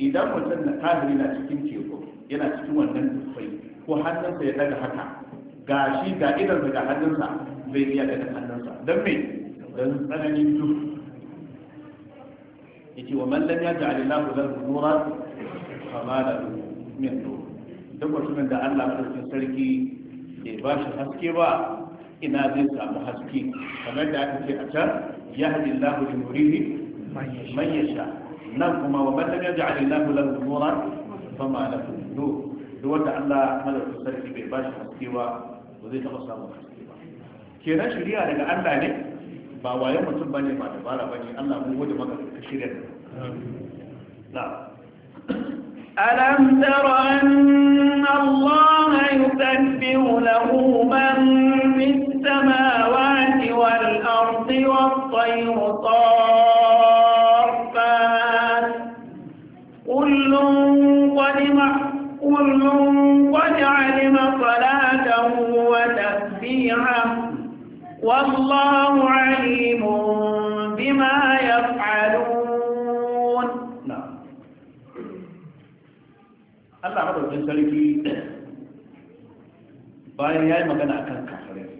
إذا مثلا قادر إلى سكين تيكو إلى سكين ونن تفاي وحنن سيدنا حكا gashi ga idan ga hannunsa zai iya daga hannunsa don me don tsananin duk yace wa man lam yaj'al Allahu lahu nuran fama lahu min nur duk mutumin da Allah madaukakin sarki bai ba shi haske ba ina zai samu haske kamar da aka ce a can yahdi Allahu li nurihi man yasha nan kuma wa man lam yaj'al Allahu lahu nuran fama lahu min nur duk wanda Allah madaukakin sarki bai ba shi haske ba ba zai taɓa samun haske ba kenan shari'a daga Allah ne ba mutum ba ne ba ba ne Allah mun gode maka ka shirya ألم تر أن الله يكبر له من في السماوات والأرض والطير طافات كل قد كل قد علم صلاته وتسبيحه والله عليم بما يفعلون نعم الله madaukin sarki bayan ya yi magana a kan kafirai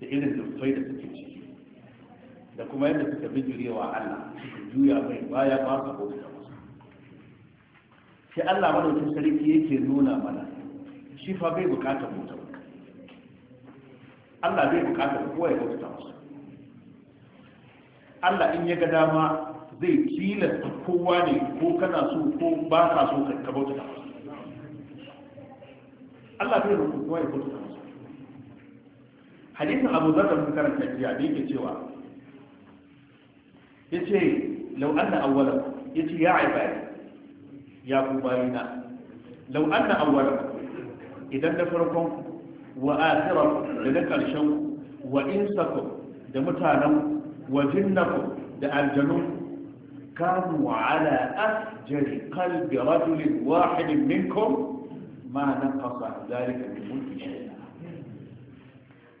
da irin dukkai da suke ciki da kuma yadda suka bijirewa Allah suka juya mai baya ba su bauta wasu? sai Allah madaukin sarki yake nuna mana shi fa bai bukatar bauta Allah bai bukatar kowa ya bauta masa Allah in ya ga dama zai kila kowa ne ko kana so ko ba ka so ka bauta masa Allah bai roƙi kowa ya bauta masa hadisin Abu Dharr bin karanta jiya da yake cewa yace law anna awwalakum yace ya ibadi ya ku bayina law anna awwalakum idan da farkon wa asirar da na ƙarshen wa insakon da mutanen wajen na da aljanun kanu wa ala asjari kalbi rajulin wahidin minkum ma na kasa zarika da mulki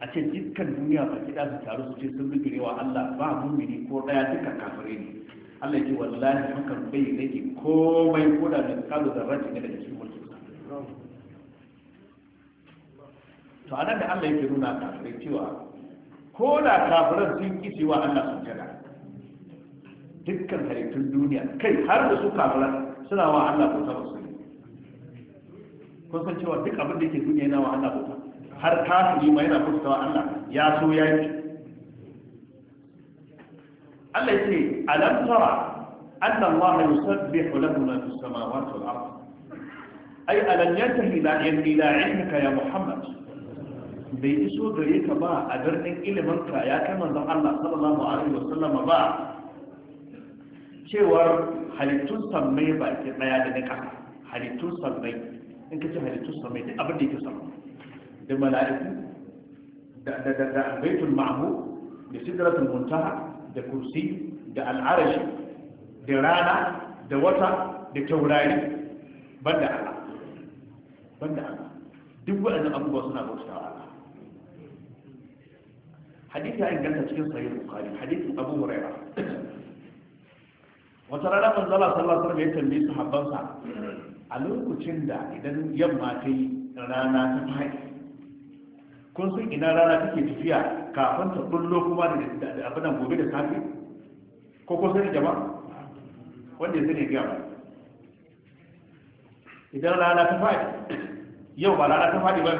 a ce dukkan duniya ba kiɗa su taru su ce sun rigire wa allah ba mumini ko ɗaya duka kafirai ne allah ke wallahi hakan bai rage komai ko da da kalu da rajin da cikin mulkin sa to anan da Allah yake nuna kafirai cewa ko da kafiran sun ki cewa Allah sun jada dukkan halittun duniya kai har da su kafiran suna wa Allah bauta ba su kun san cewa duk abin da yake duniya yana wa Allah bauta har kafiri ma yana bauta wa Allah ya so ya yi Allah yake alam tara anna Allah yusabbihu lahu ma fis samawati wal ard ay alam yantahi ila ilmika ya Muhammad bai iso gare ka ba a birnin ilimin ka ya kai manzon Allah sallallahu alaihi wasallam ba cewar halittun sammai ke daya da na halittun sammai in ka ce halittun sammai da abin da yake sama da mala'iku da da da da baitul ma'mu da sidratul muntaha da kursi da al'arashi da rana da wata da taurari banda Allah banda Allah duk waɗannan abubuwa suna bautawa hadisi ya inganta cikin sahih bukhari hadisin abu huraira wata rana manzo Allah sallallahu alaihi wasallam ya tambayi sahabbansa a lokacin da idan yamma ta yi rana ta fadi kun san ina rana take tafiya kafin ta kullo kuma da abin da gobe da safe ko ko sai jama'a wanda zai ne ba. idan rana ta fadi yau ba rana ta fadi ba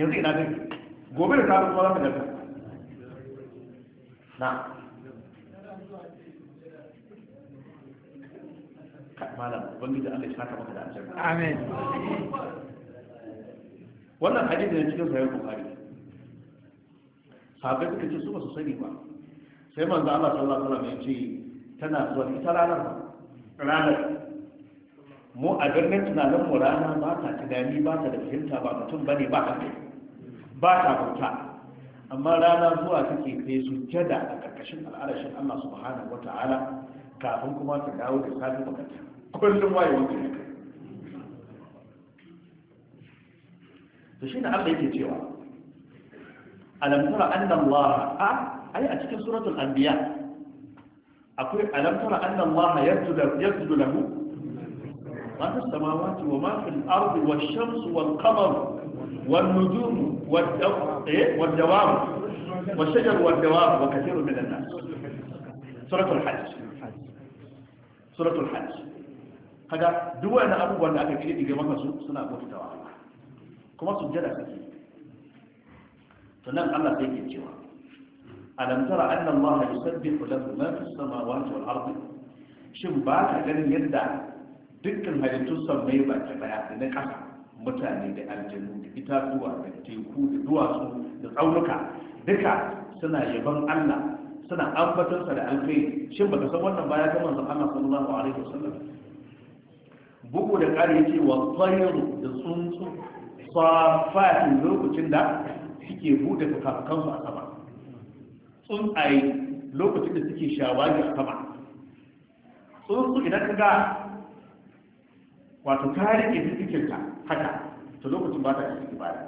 yanzu ina take gobe da safe kuma za mu na malam ubangiji Allah ya maka da aljanna amin wannan hadisi ne cikin sayan bukhari sabai suka ce su ba su sani ba sai manzo Allah sallallahu alaihi wasallam ya ce tana zuwa ita ranar ranar mu a birnin tunanin mu rana ba ta tunani ba ta da fahimta ba mutum bane ba ta ba ta bauta amma rana zuwa take kai su jada a ƙarƙashin al'arashin Allah subhanahu wata'ala kafin kuma ta dawo da safi bakata kullum waye wanda ya kai to shine Allah yake cewa alam tara anna Allah a ai a cikin suratul anbiya akwai alam tara anna Allah yasjudu yasjudu lahu ma fi samawati wa ma fil ardi wash-shamsu wal-qamaru wan-nujumu والدوام والشجر والدوام وكثير من الناس سورة الحج سورة الحج kaga duk wani abubuwan da aka kiri diga maka su suna bauta wa Allah kuma su jada kake to nan Allah sai ke cewa alam tara anna Allah yusabbihu lahu ma fi samawati wal ardi shin ba ka ganin yadda dukkan halittu sammai ba na kasa mutane da aljanu da itatuwa da teku da duwatsu da tsaunuka duka suna yaban Allah suna ambatarsa da alkai shin baka san wannan baya ga manzon Allah sallallahu alaihi wasallam bugu da kare yake wa tsayru da tsuntsu safatin lokacin da suke bude fukafukansu a sama tsuntsaye lokacin da suke shawagi a sama tsuntsu idan ka ga wato kare ke fikinta haka to lokacin ba ta cikin ibada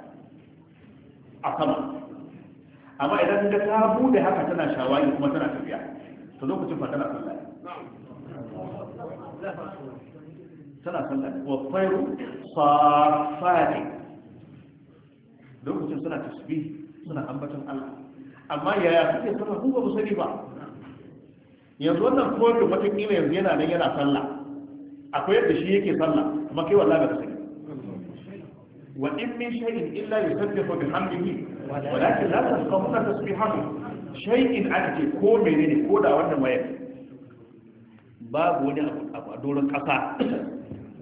a sama amma idan ka ta bude haka tana shawari kuma tana tafiya to lokacin ba tana sallah tana sallah wa fayru safari lokacin suna tasbih suna ambaton Allah amma yaya kuke sallah ku ba mu sani ba yanzu wannan kodin da yanzu yana nan yana sallah akwai yadda shi yake sallah amma kai wallahi ba ka sani وإن من شيء إلا يسبح بحمده ولكن لا تفقهون تسبيحه شيء أنت كو منين كو دا wannan waya babu wani abu a doron kasa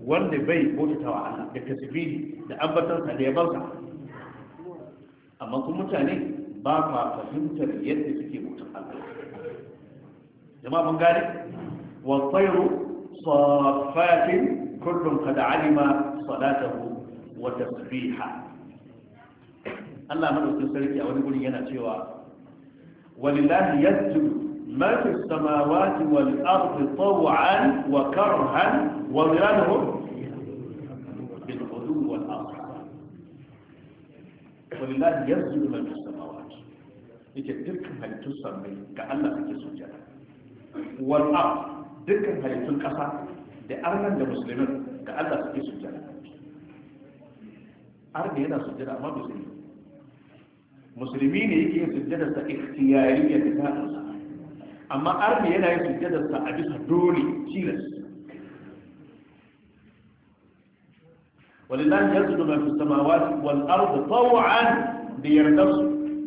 wanda bai bauta wa Allah da tasbihi da ambatansa da yabansa amma kuma mutane ba ma fahimtar yadda suke bautar Allah jama'a mun gane wa tsayru kullum wa tasbiha Allah madaukakin sarki a wani gurin yana cewa walillahi yasjudu ma fi samawati wal ardi taw'an wa karhan wa ghayruhum bil ghudwi wal asr walillahi yasjudu ma fi samawati yake dukkan halittun sammai ga Allah suke sujada wal ardi dukkan halittun ƙasa da arnan da musulmin ga Allah suke sujada har da yana sujjada amma musulmi musulmi ne yake yin sujjada sa ikhtiyari ya da sa amma har da yana yin sujjada sa a bisa dole tilas walillahi yasjudu ma fis samawati wal ardi taw'an da yardas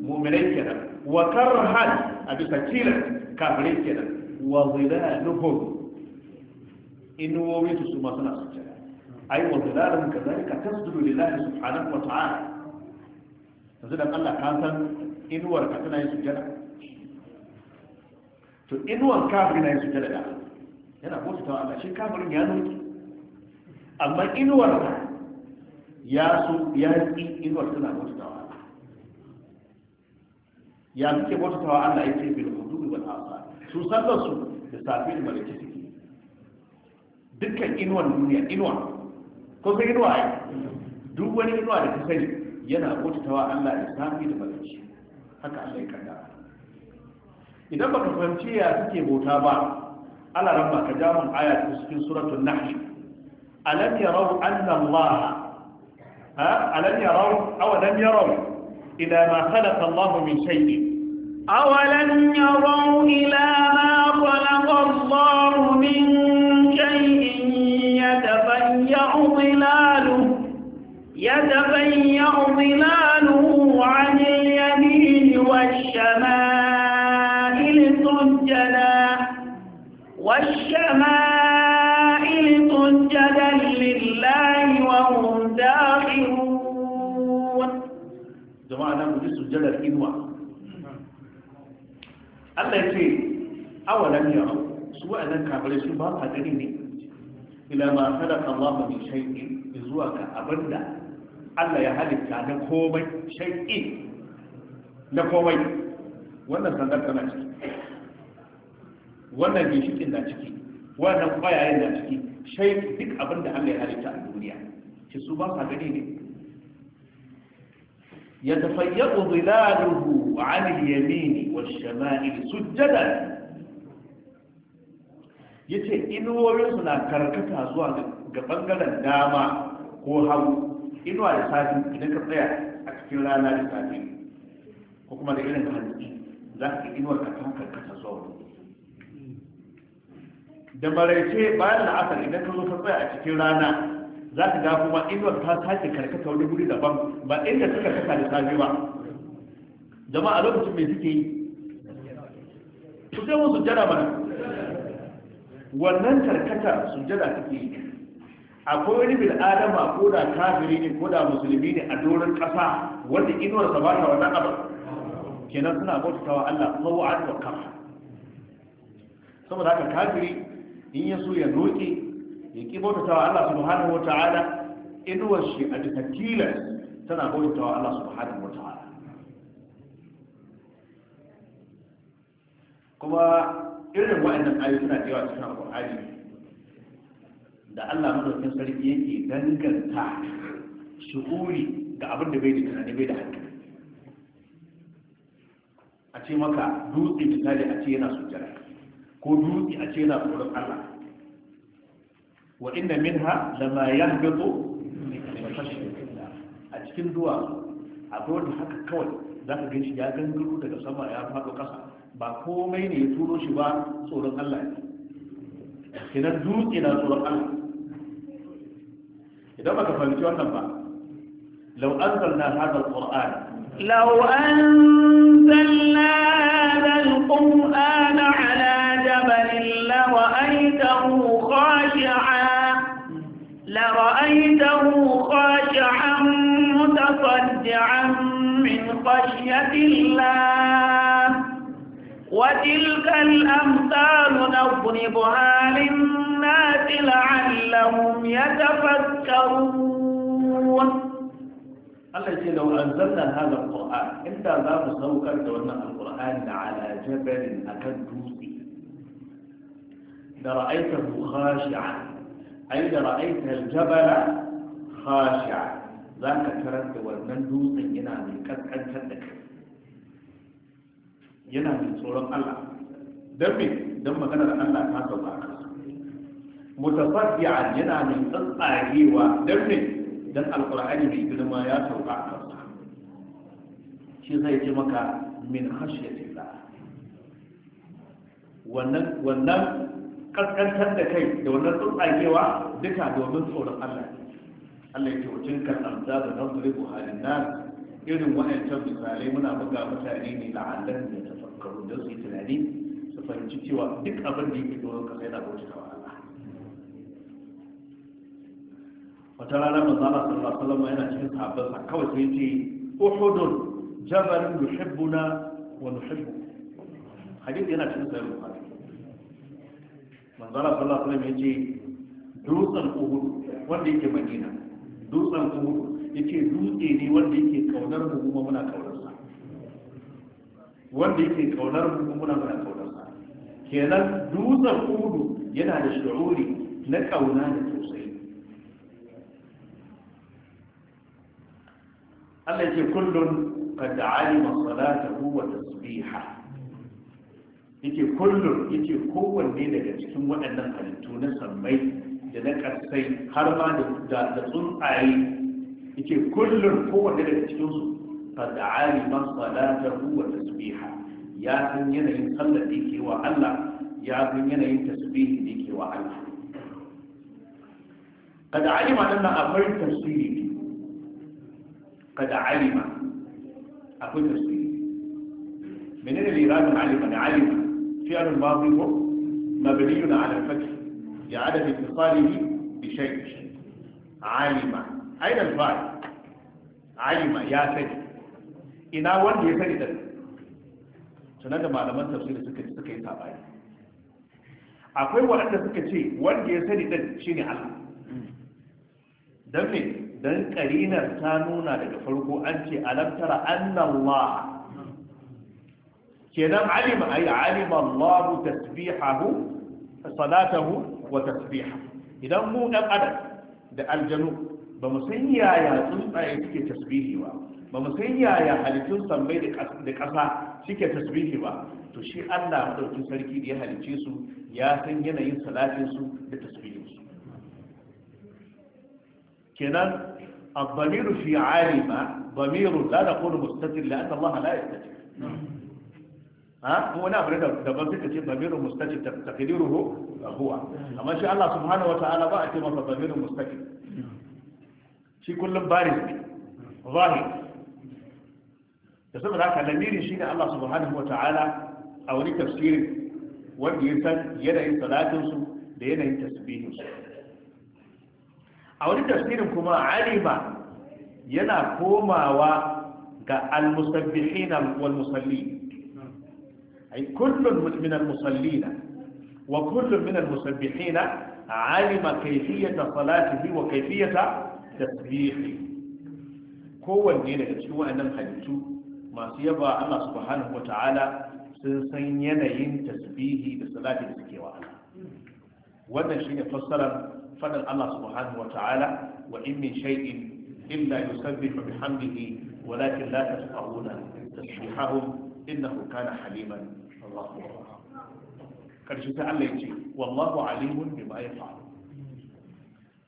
mu'minai kenan wa karhan a bisa tilas kafirai kenan wa zilaluhum inuwowi su ma suna sujjada ai ka zai ka tasjudu lillahi subhanahu wa ta'ala yanzu dan Allah ka san inuwar ka tana yin sujjada to inuwar kafiri na yin sujjada da yana bauta ta Allah shi kafirin ya nuki amma inuwar ya su ya yi inuwar tana bauta ta Allah ya suke bauta ta Allah ya ce bil hudubi wal asa su sallar su da safi da malaki suke dukkan inuwar duniya inuwar ko sai inuwa ai duk wani inuwa da ka sani yana bautawa Allah da sami da balaci haka Allah ya kaddara idan baka fahimci ya suke bauta ba Allah rabba ka ja mun aya cikin suratul nahl alam yarau anna Allah ha alam yarau aw lam yarau ila ma khalaqa Allah min shay'in أولم يروا إلى ما خلق الله من يتغير ظلاله عن اليمين والشمائل سجدا والشمائل سجدا لله وهم داخلون جماعة نعم في سجدة الإنواع الله يقول أولا يا رب سواء ذلك قبل سبا قدرني إلى ما خلق الله من شيء إذ وقع Allah ya halitta na komai shay'in na komai wannan sandar tana ciki wannan ginshikin na ciki wannan ƙwayayen na ciki shai duk abin da Allah ya halitta a duniya shi su ba sa gani ne ya tafayyadu zilaluhu an al-yamini wal shama'il sujjadan yace inuwoyin su na karkata zuwa ga bangaren dama ko hagu inuwa da sati idan ka tsaya a cikin rana da sati ko kuma da irin hannu za ka inuwa ka tankar kasa zuwa wani da maraice bayan la'asar idan ka zo ka tsaya a cikin rana za ka ga kuma inuwar ta sake karkata wani guri daban ba inda suka kasa da safe ba jama'a lokacin mai suke yi su sai wasu jara mana wannan karkata sujada suke yi akwai wani bil adama ko da kafiri ne ko da musulmi ne a doron kasa wanda inuwar sa ba ta wannan abu kenan suna bautawa Allah an wa kafa saboda haka kafiri in ya so ya roƙe ya ki bautawa Allah subhanahu wa ta'ala inuwar shi a bisa tilas tana bautawa Allah subhanahu wa ta'ala kuma irin wa'annan ayyuka suna da yawa cikin alƙur'ani da Allah madaukakin sarki yake danganta shuhuri ga abin da bai da tunani bai da hankali a ce maka dutse misali a ce yana sujjara ko dutse a ce yana tsoron Allah wa inna minha lama yahbitu min a cikin zuwa akwai wanda haka kawai za ka ganshi ya gangaro daga sama ya faɗo ƙasa ba komai ne ya turo shi ba tsoron Allah ne kinan dutse na tsoron Allah إذا ما كفلت وأنفع لو أنزلنا هذا القرآن لو أنزلنا هذا القرآن على جبل لرأيته خاشعا لرأيته خاشعا متصدعا من خشية الله وتلك الأمثال نضربها للناس لعلهم يتفكرون الله يقول لو أنزلنا هذا القرآن إنت ذا مستوكا دورنا القرآن على جبل أكدوسي إذا رأيته خاشعا أي إذا رأيت الجبل خاشعا ذاك ترد ورنان دوسي ينا من كتعد كتك ينا من صورة الله دمي دم كنا الله ما تبعك mutasaddi'an yana mai tsatsagewa don ne don alkur'ani mai girma ya sauka a kansa shi zai ce maka min hashiyatillah wannan wannan kaskantar da kai da wannan tsatsagewa duka domin tsoron Allah Allah ya ce wajen kasanta da nazari buhalin nan irin waɗancan misalai muna buga mutane ne la'allan da tafakkaru don su yi tunani su fahimci cewa duk abin da yake doron kasa yana bautawa wata rana manzana sallallahu alaihi wasallam yana cikin sahabbansa kawai sai ce uhudun jabalun yuhibbuna wa nuhibbu hadith yana cikin sahih bukhari manzana sallallahu alaihi wasallam yace dutsen uhud wanda yake madina dutsen uhud ce dutse ne wanda yake kaunar mu kuma muna kaunar sa wanda yake kaunar mu kuma muna kaunar sa kenan dutsen uhud yana da shu'uri na kauna da Allah ce kullun qad alima salatahu wa tasbiha yake kullum, yake kowanne daga cikin waɗannan halittu na sammai da na ƙarsai har ma da tsuntsaye yake kullum, kowanne daga cikin su qad alima salatahu wa tasbiha ya san yanayin sallar da yake wa Allah ya san yanayin tasbihin da yake wa Allah qad alima nan akwai biyu. kada alima akwai tafsiri menene liradun alima da alima fi'al al-madi ko mabniyun ala al-fath ya ada ittisalihi bi shay alima aina al-fa'il alima ya sani ina wanda ya sani sanar da malaman tafsiri suka suka yi sabani akwai waɗanda suka ce wanda ya sani shi ne Allah dan me dan karinar ta nuna daga farko an ce alam annallah kenan alima ay alima Allah tasbihahu salatahu wa tasbihahu idan mu dan adam da aljanu ba mu san yaya tsuntsaye suke tasbihi ba ba mu san yaya halittun sambai da ƙasa suke tasbihi ba to shi Allah madaukin sarki da ya halice su ya san yanayin salatin da tasbihin kenan الضمير في عالم ضمير لا نقول مستتر لأن الله لا يستتر ها هو نعم ده بس ضمير مستتر تقديره هو أما شاء الله سبحانه وتعالى بقى كما ضمير مستتر shi kullum baris ne zahir da saboda haka lamirin shi ne Allah subhanahu wata'ala a wani tafsirin wanda ya san yanayin salatinsu da yanayin tasbihinsu a wani tafsirin kuma alima yana komawa ga al-musabbihin wal-musallin ay kullun min al-musallin wa kullun min al-musabbihin alima kayfiyata salatihi wa kayfiyata tasbihi kowanne daga cikin wannan halittu masu yaba Allah subhanahu wata'ala sun san yanayin tasbihi da salati da suke wa Allah wannan shine fassarar fadan Allah subhanahu wa ta'ala wa in min shay'in illa yusabbihu bihamdihi walakin la tasbahuna tasbihahum innahu kana haliman Allahu karshe ta Allah ya ce wallahu alimun bima yaf'al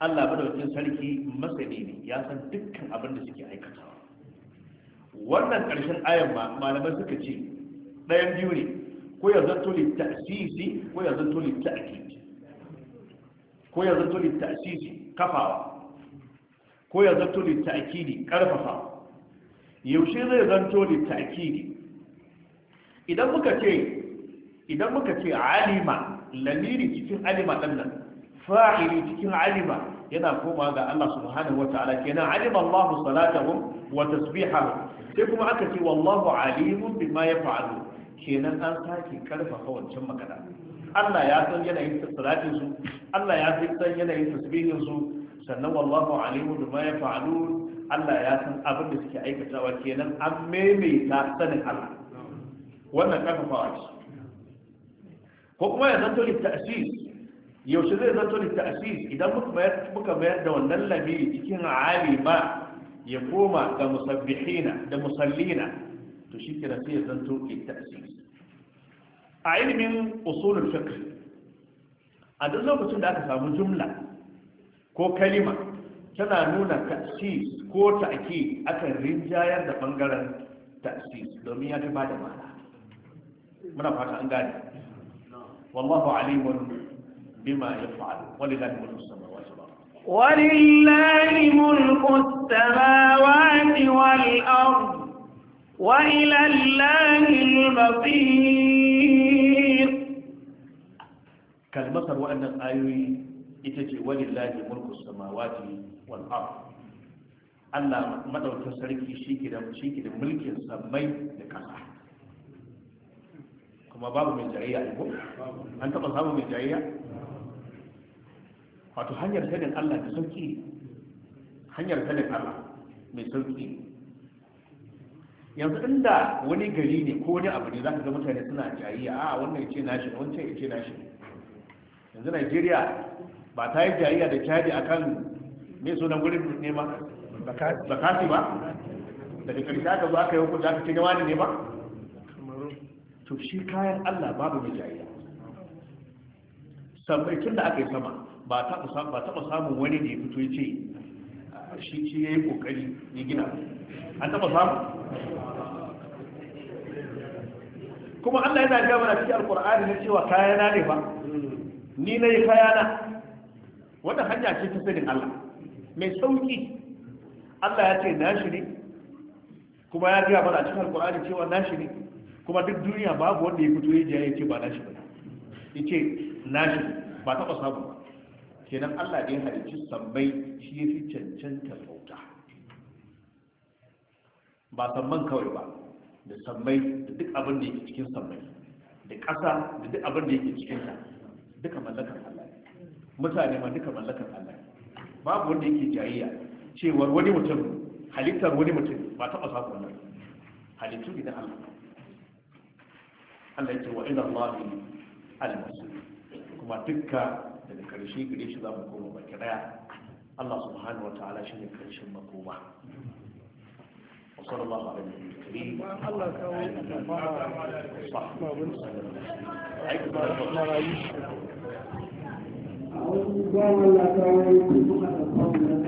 Allah wajen sarki masani ne ya san dukkan abin da suke aikatawa wannan karshen ayan ma malamai suka ce ɗayan biyu ne ko ya zanto li ta'sisi ko ya zanto li ta'kid ko ya zato littasisi kafawa ko ya zato littakidi karfafa yaushe zai zanto littakidi idan muka ce idan muka ce alima lamiri cikin alima ɗan nan fa'ili cikin alima yana koma ga Allah subhanahu wata'ala kenan alima Allah salatahum wa tasbihahum sai kuma aka ce wallahu alimun bima yaf'alun kenan an sake ƙarfafa wancan magana Allah ya san yanayin salatin su Allah ya san yanayin tasbihin su sannan wallahu alimu bima yaf'alun Allah ya san abin da suke aikatawa kenan an maimaita sanin Allah wannan karfafawa ce ko kuma ya zanto ta'sis yaushe zai zanto ta'sis idan muka mayar muka mayar da wannan lami cikin alima ya koma ga musabbihina da musallina to shi kenan sai ya zanto ta'sis a ilimin usulul fiqh a duk lokacin da aka samu jumla ko kalima tana nuna ta'sis ko ta'ki akan rinjayar da bangaren ta'sis domin ya fi ba da mana. muna fata an gane wallahu alimun bima yaf'al walillahi mulku samawati wal ard walillahi mulku samawati wal ard wa ila allahi al-masir kalmatar waɗannan ayoyi ita ce walillahi mulku samawati wal ard Allah madaukakin sarki shike da shike da mulkin samai da kasa kuma babu mai jayayya ko an taba samu mai jayayya wato hanyar sanin Allah da sauki hanyar sanin Allah mai sauki yanzu inda wani gari ne ko wani abu ne za ka ga mutane suna jayayya a wannan ya ce nashi wancan ya ce nashi yanzu Najeriya ba ta yi jayayya da a kan me sunan gurin ne ma kasi ba daga karshe aka zo aka yi hukunta aka ce gama ne ba to shi kayan Allah babu mai jayayya sabai tun da aka yi sama ba taɓa samun wani ne fito ya ce shi shi ya yi ƙoƙari ya gina an taɓa samu kuma Allah yana gaba na cikin alƙur'ani na cewa kayana ne ba ni na yi kayana wata hanya ce ta sanin Allah mai sauki Allah ya ce na shi ne kuma ya gaya mana a cikin alkur'ani cewa na shi ne kuma duk duniya babu wanda ya fito ya ya ce ba na shi ba ya ce na shi ba taɓa samu ba kenan Allah ya halicci sammai shi ya fi cancanta bauta ba samman kawai ba da sammai da duk abin da yake cikin sammai da ƙasa da duk abin da yake cikin ta duka mallakan Allah mutane ma duka mallakan Allah babu wanda yake jayayya cewa wani mutum halittar wani mutum ba taɓa samu nan, halittu gidan da Allah Allah yake wa ila Allah al-masir kuma dukka daga karshe gare shi za mu koma baki daya Allah subhanahu wa ta'ala shi ne karshen makoma وصلى الله على النبي الكريم الله كريم الله كريم الله كريم الله كريم àwọn gbọ́ wọn látara ikú tó kàtà pọ̀ nílẹ̀.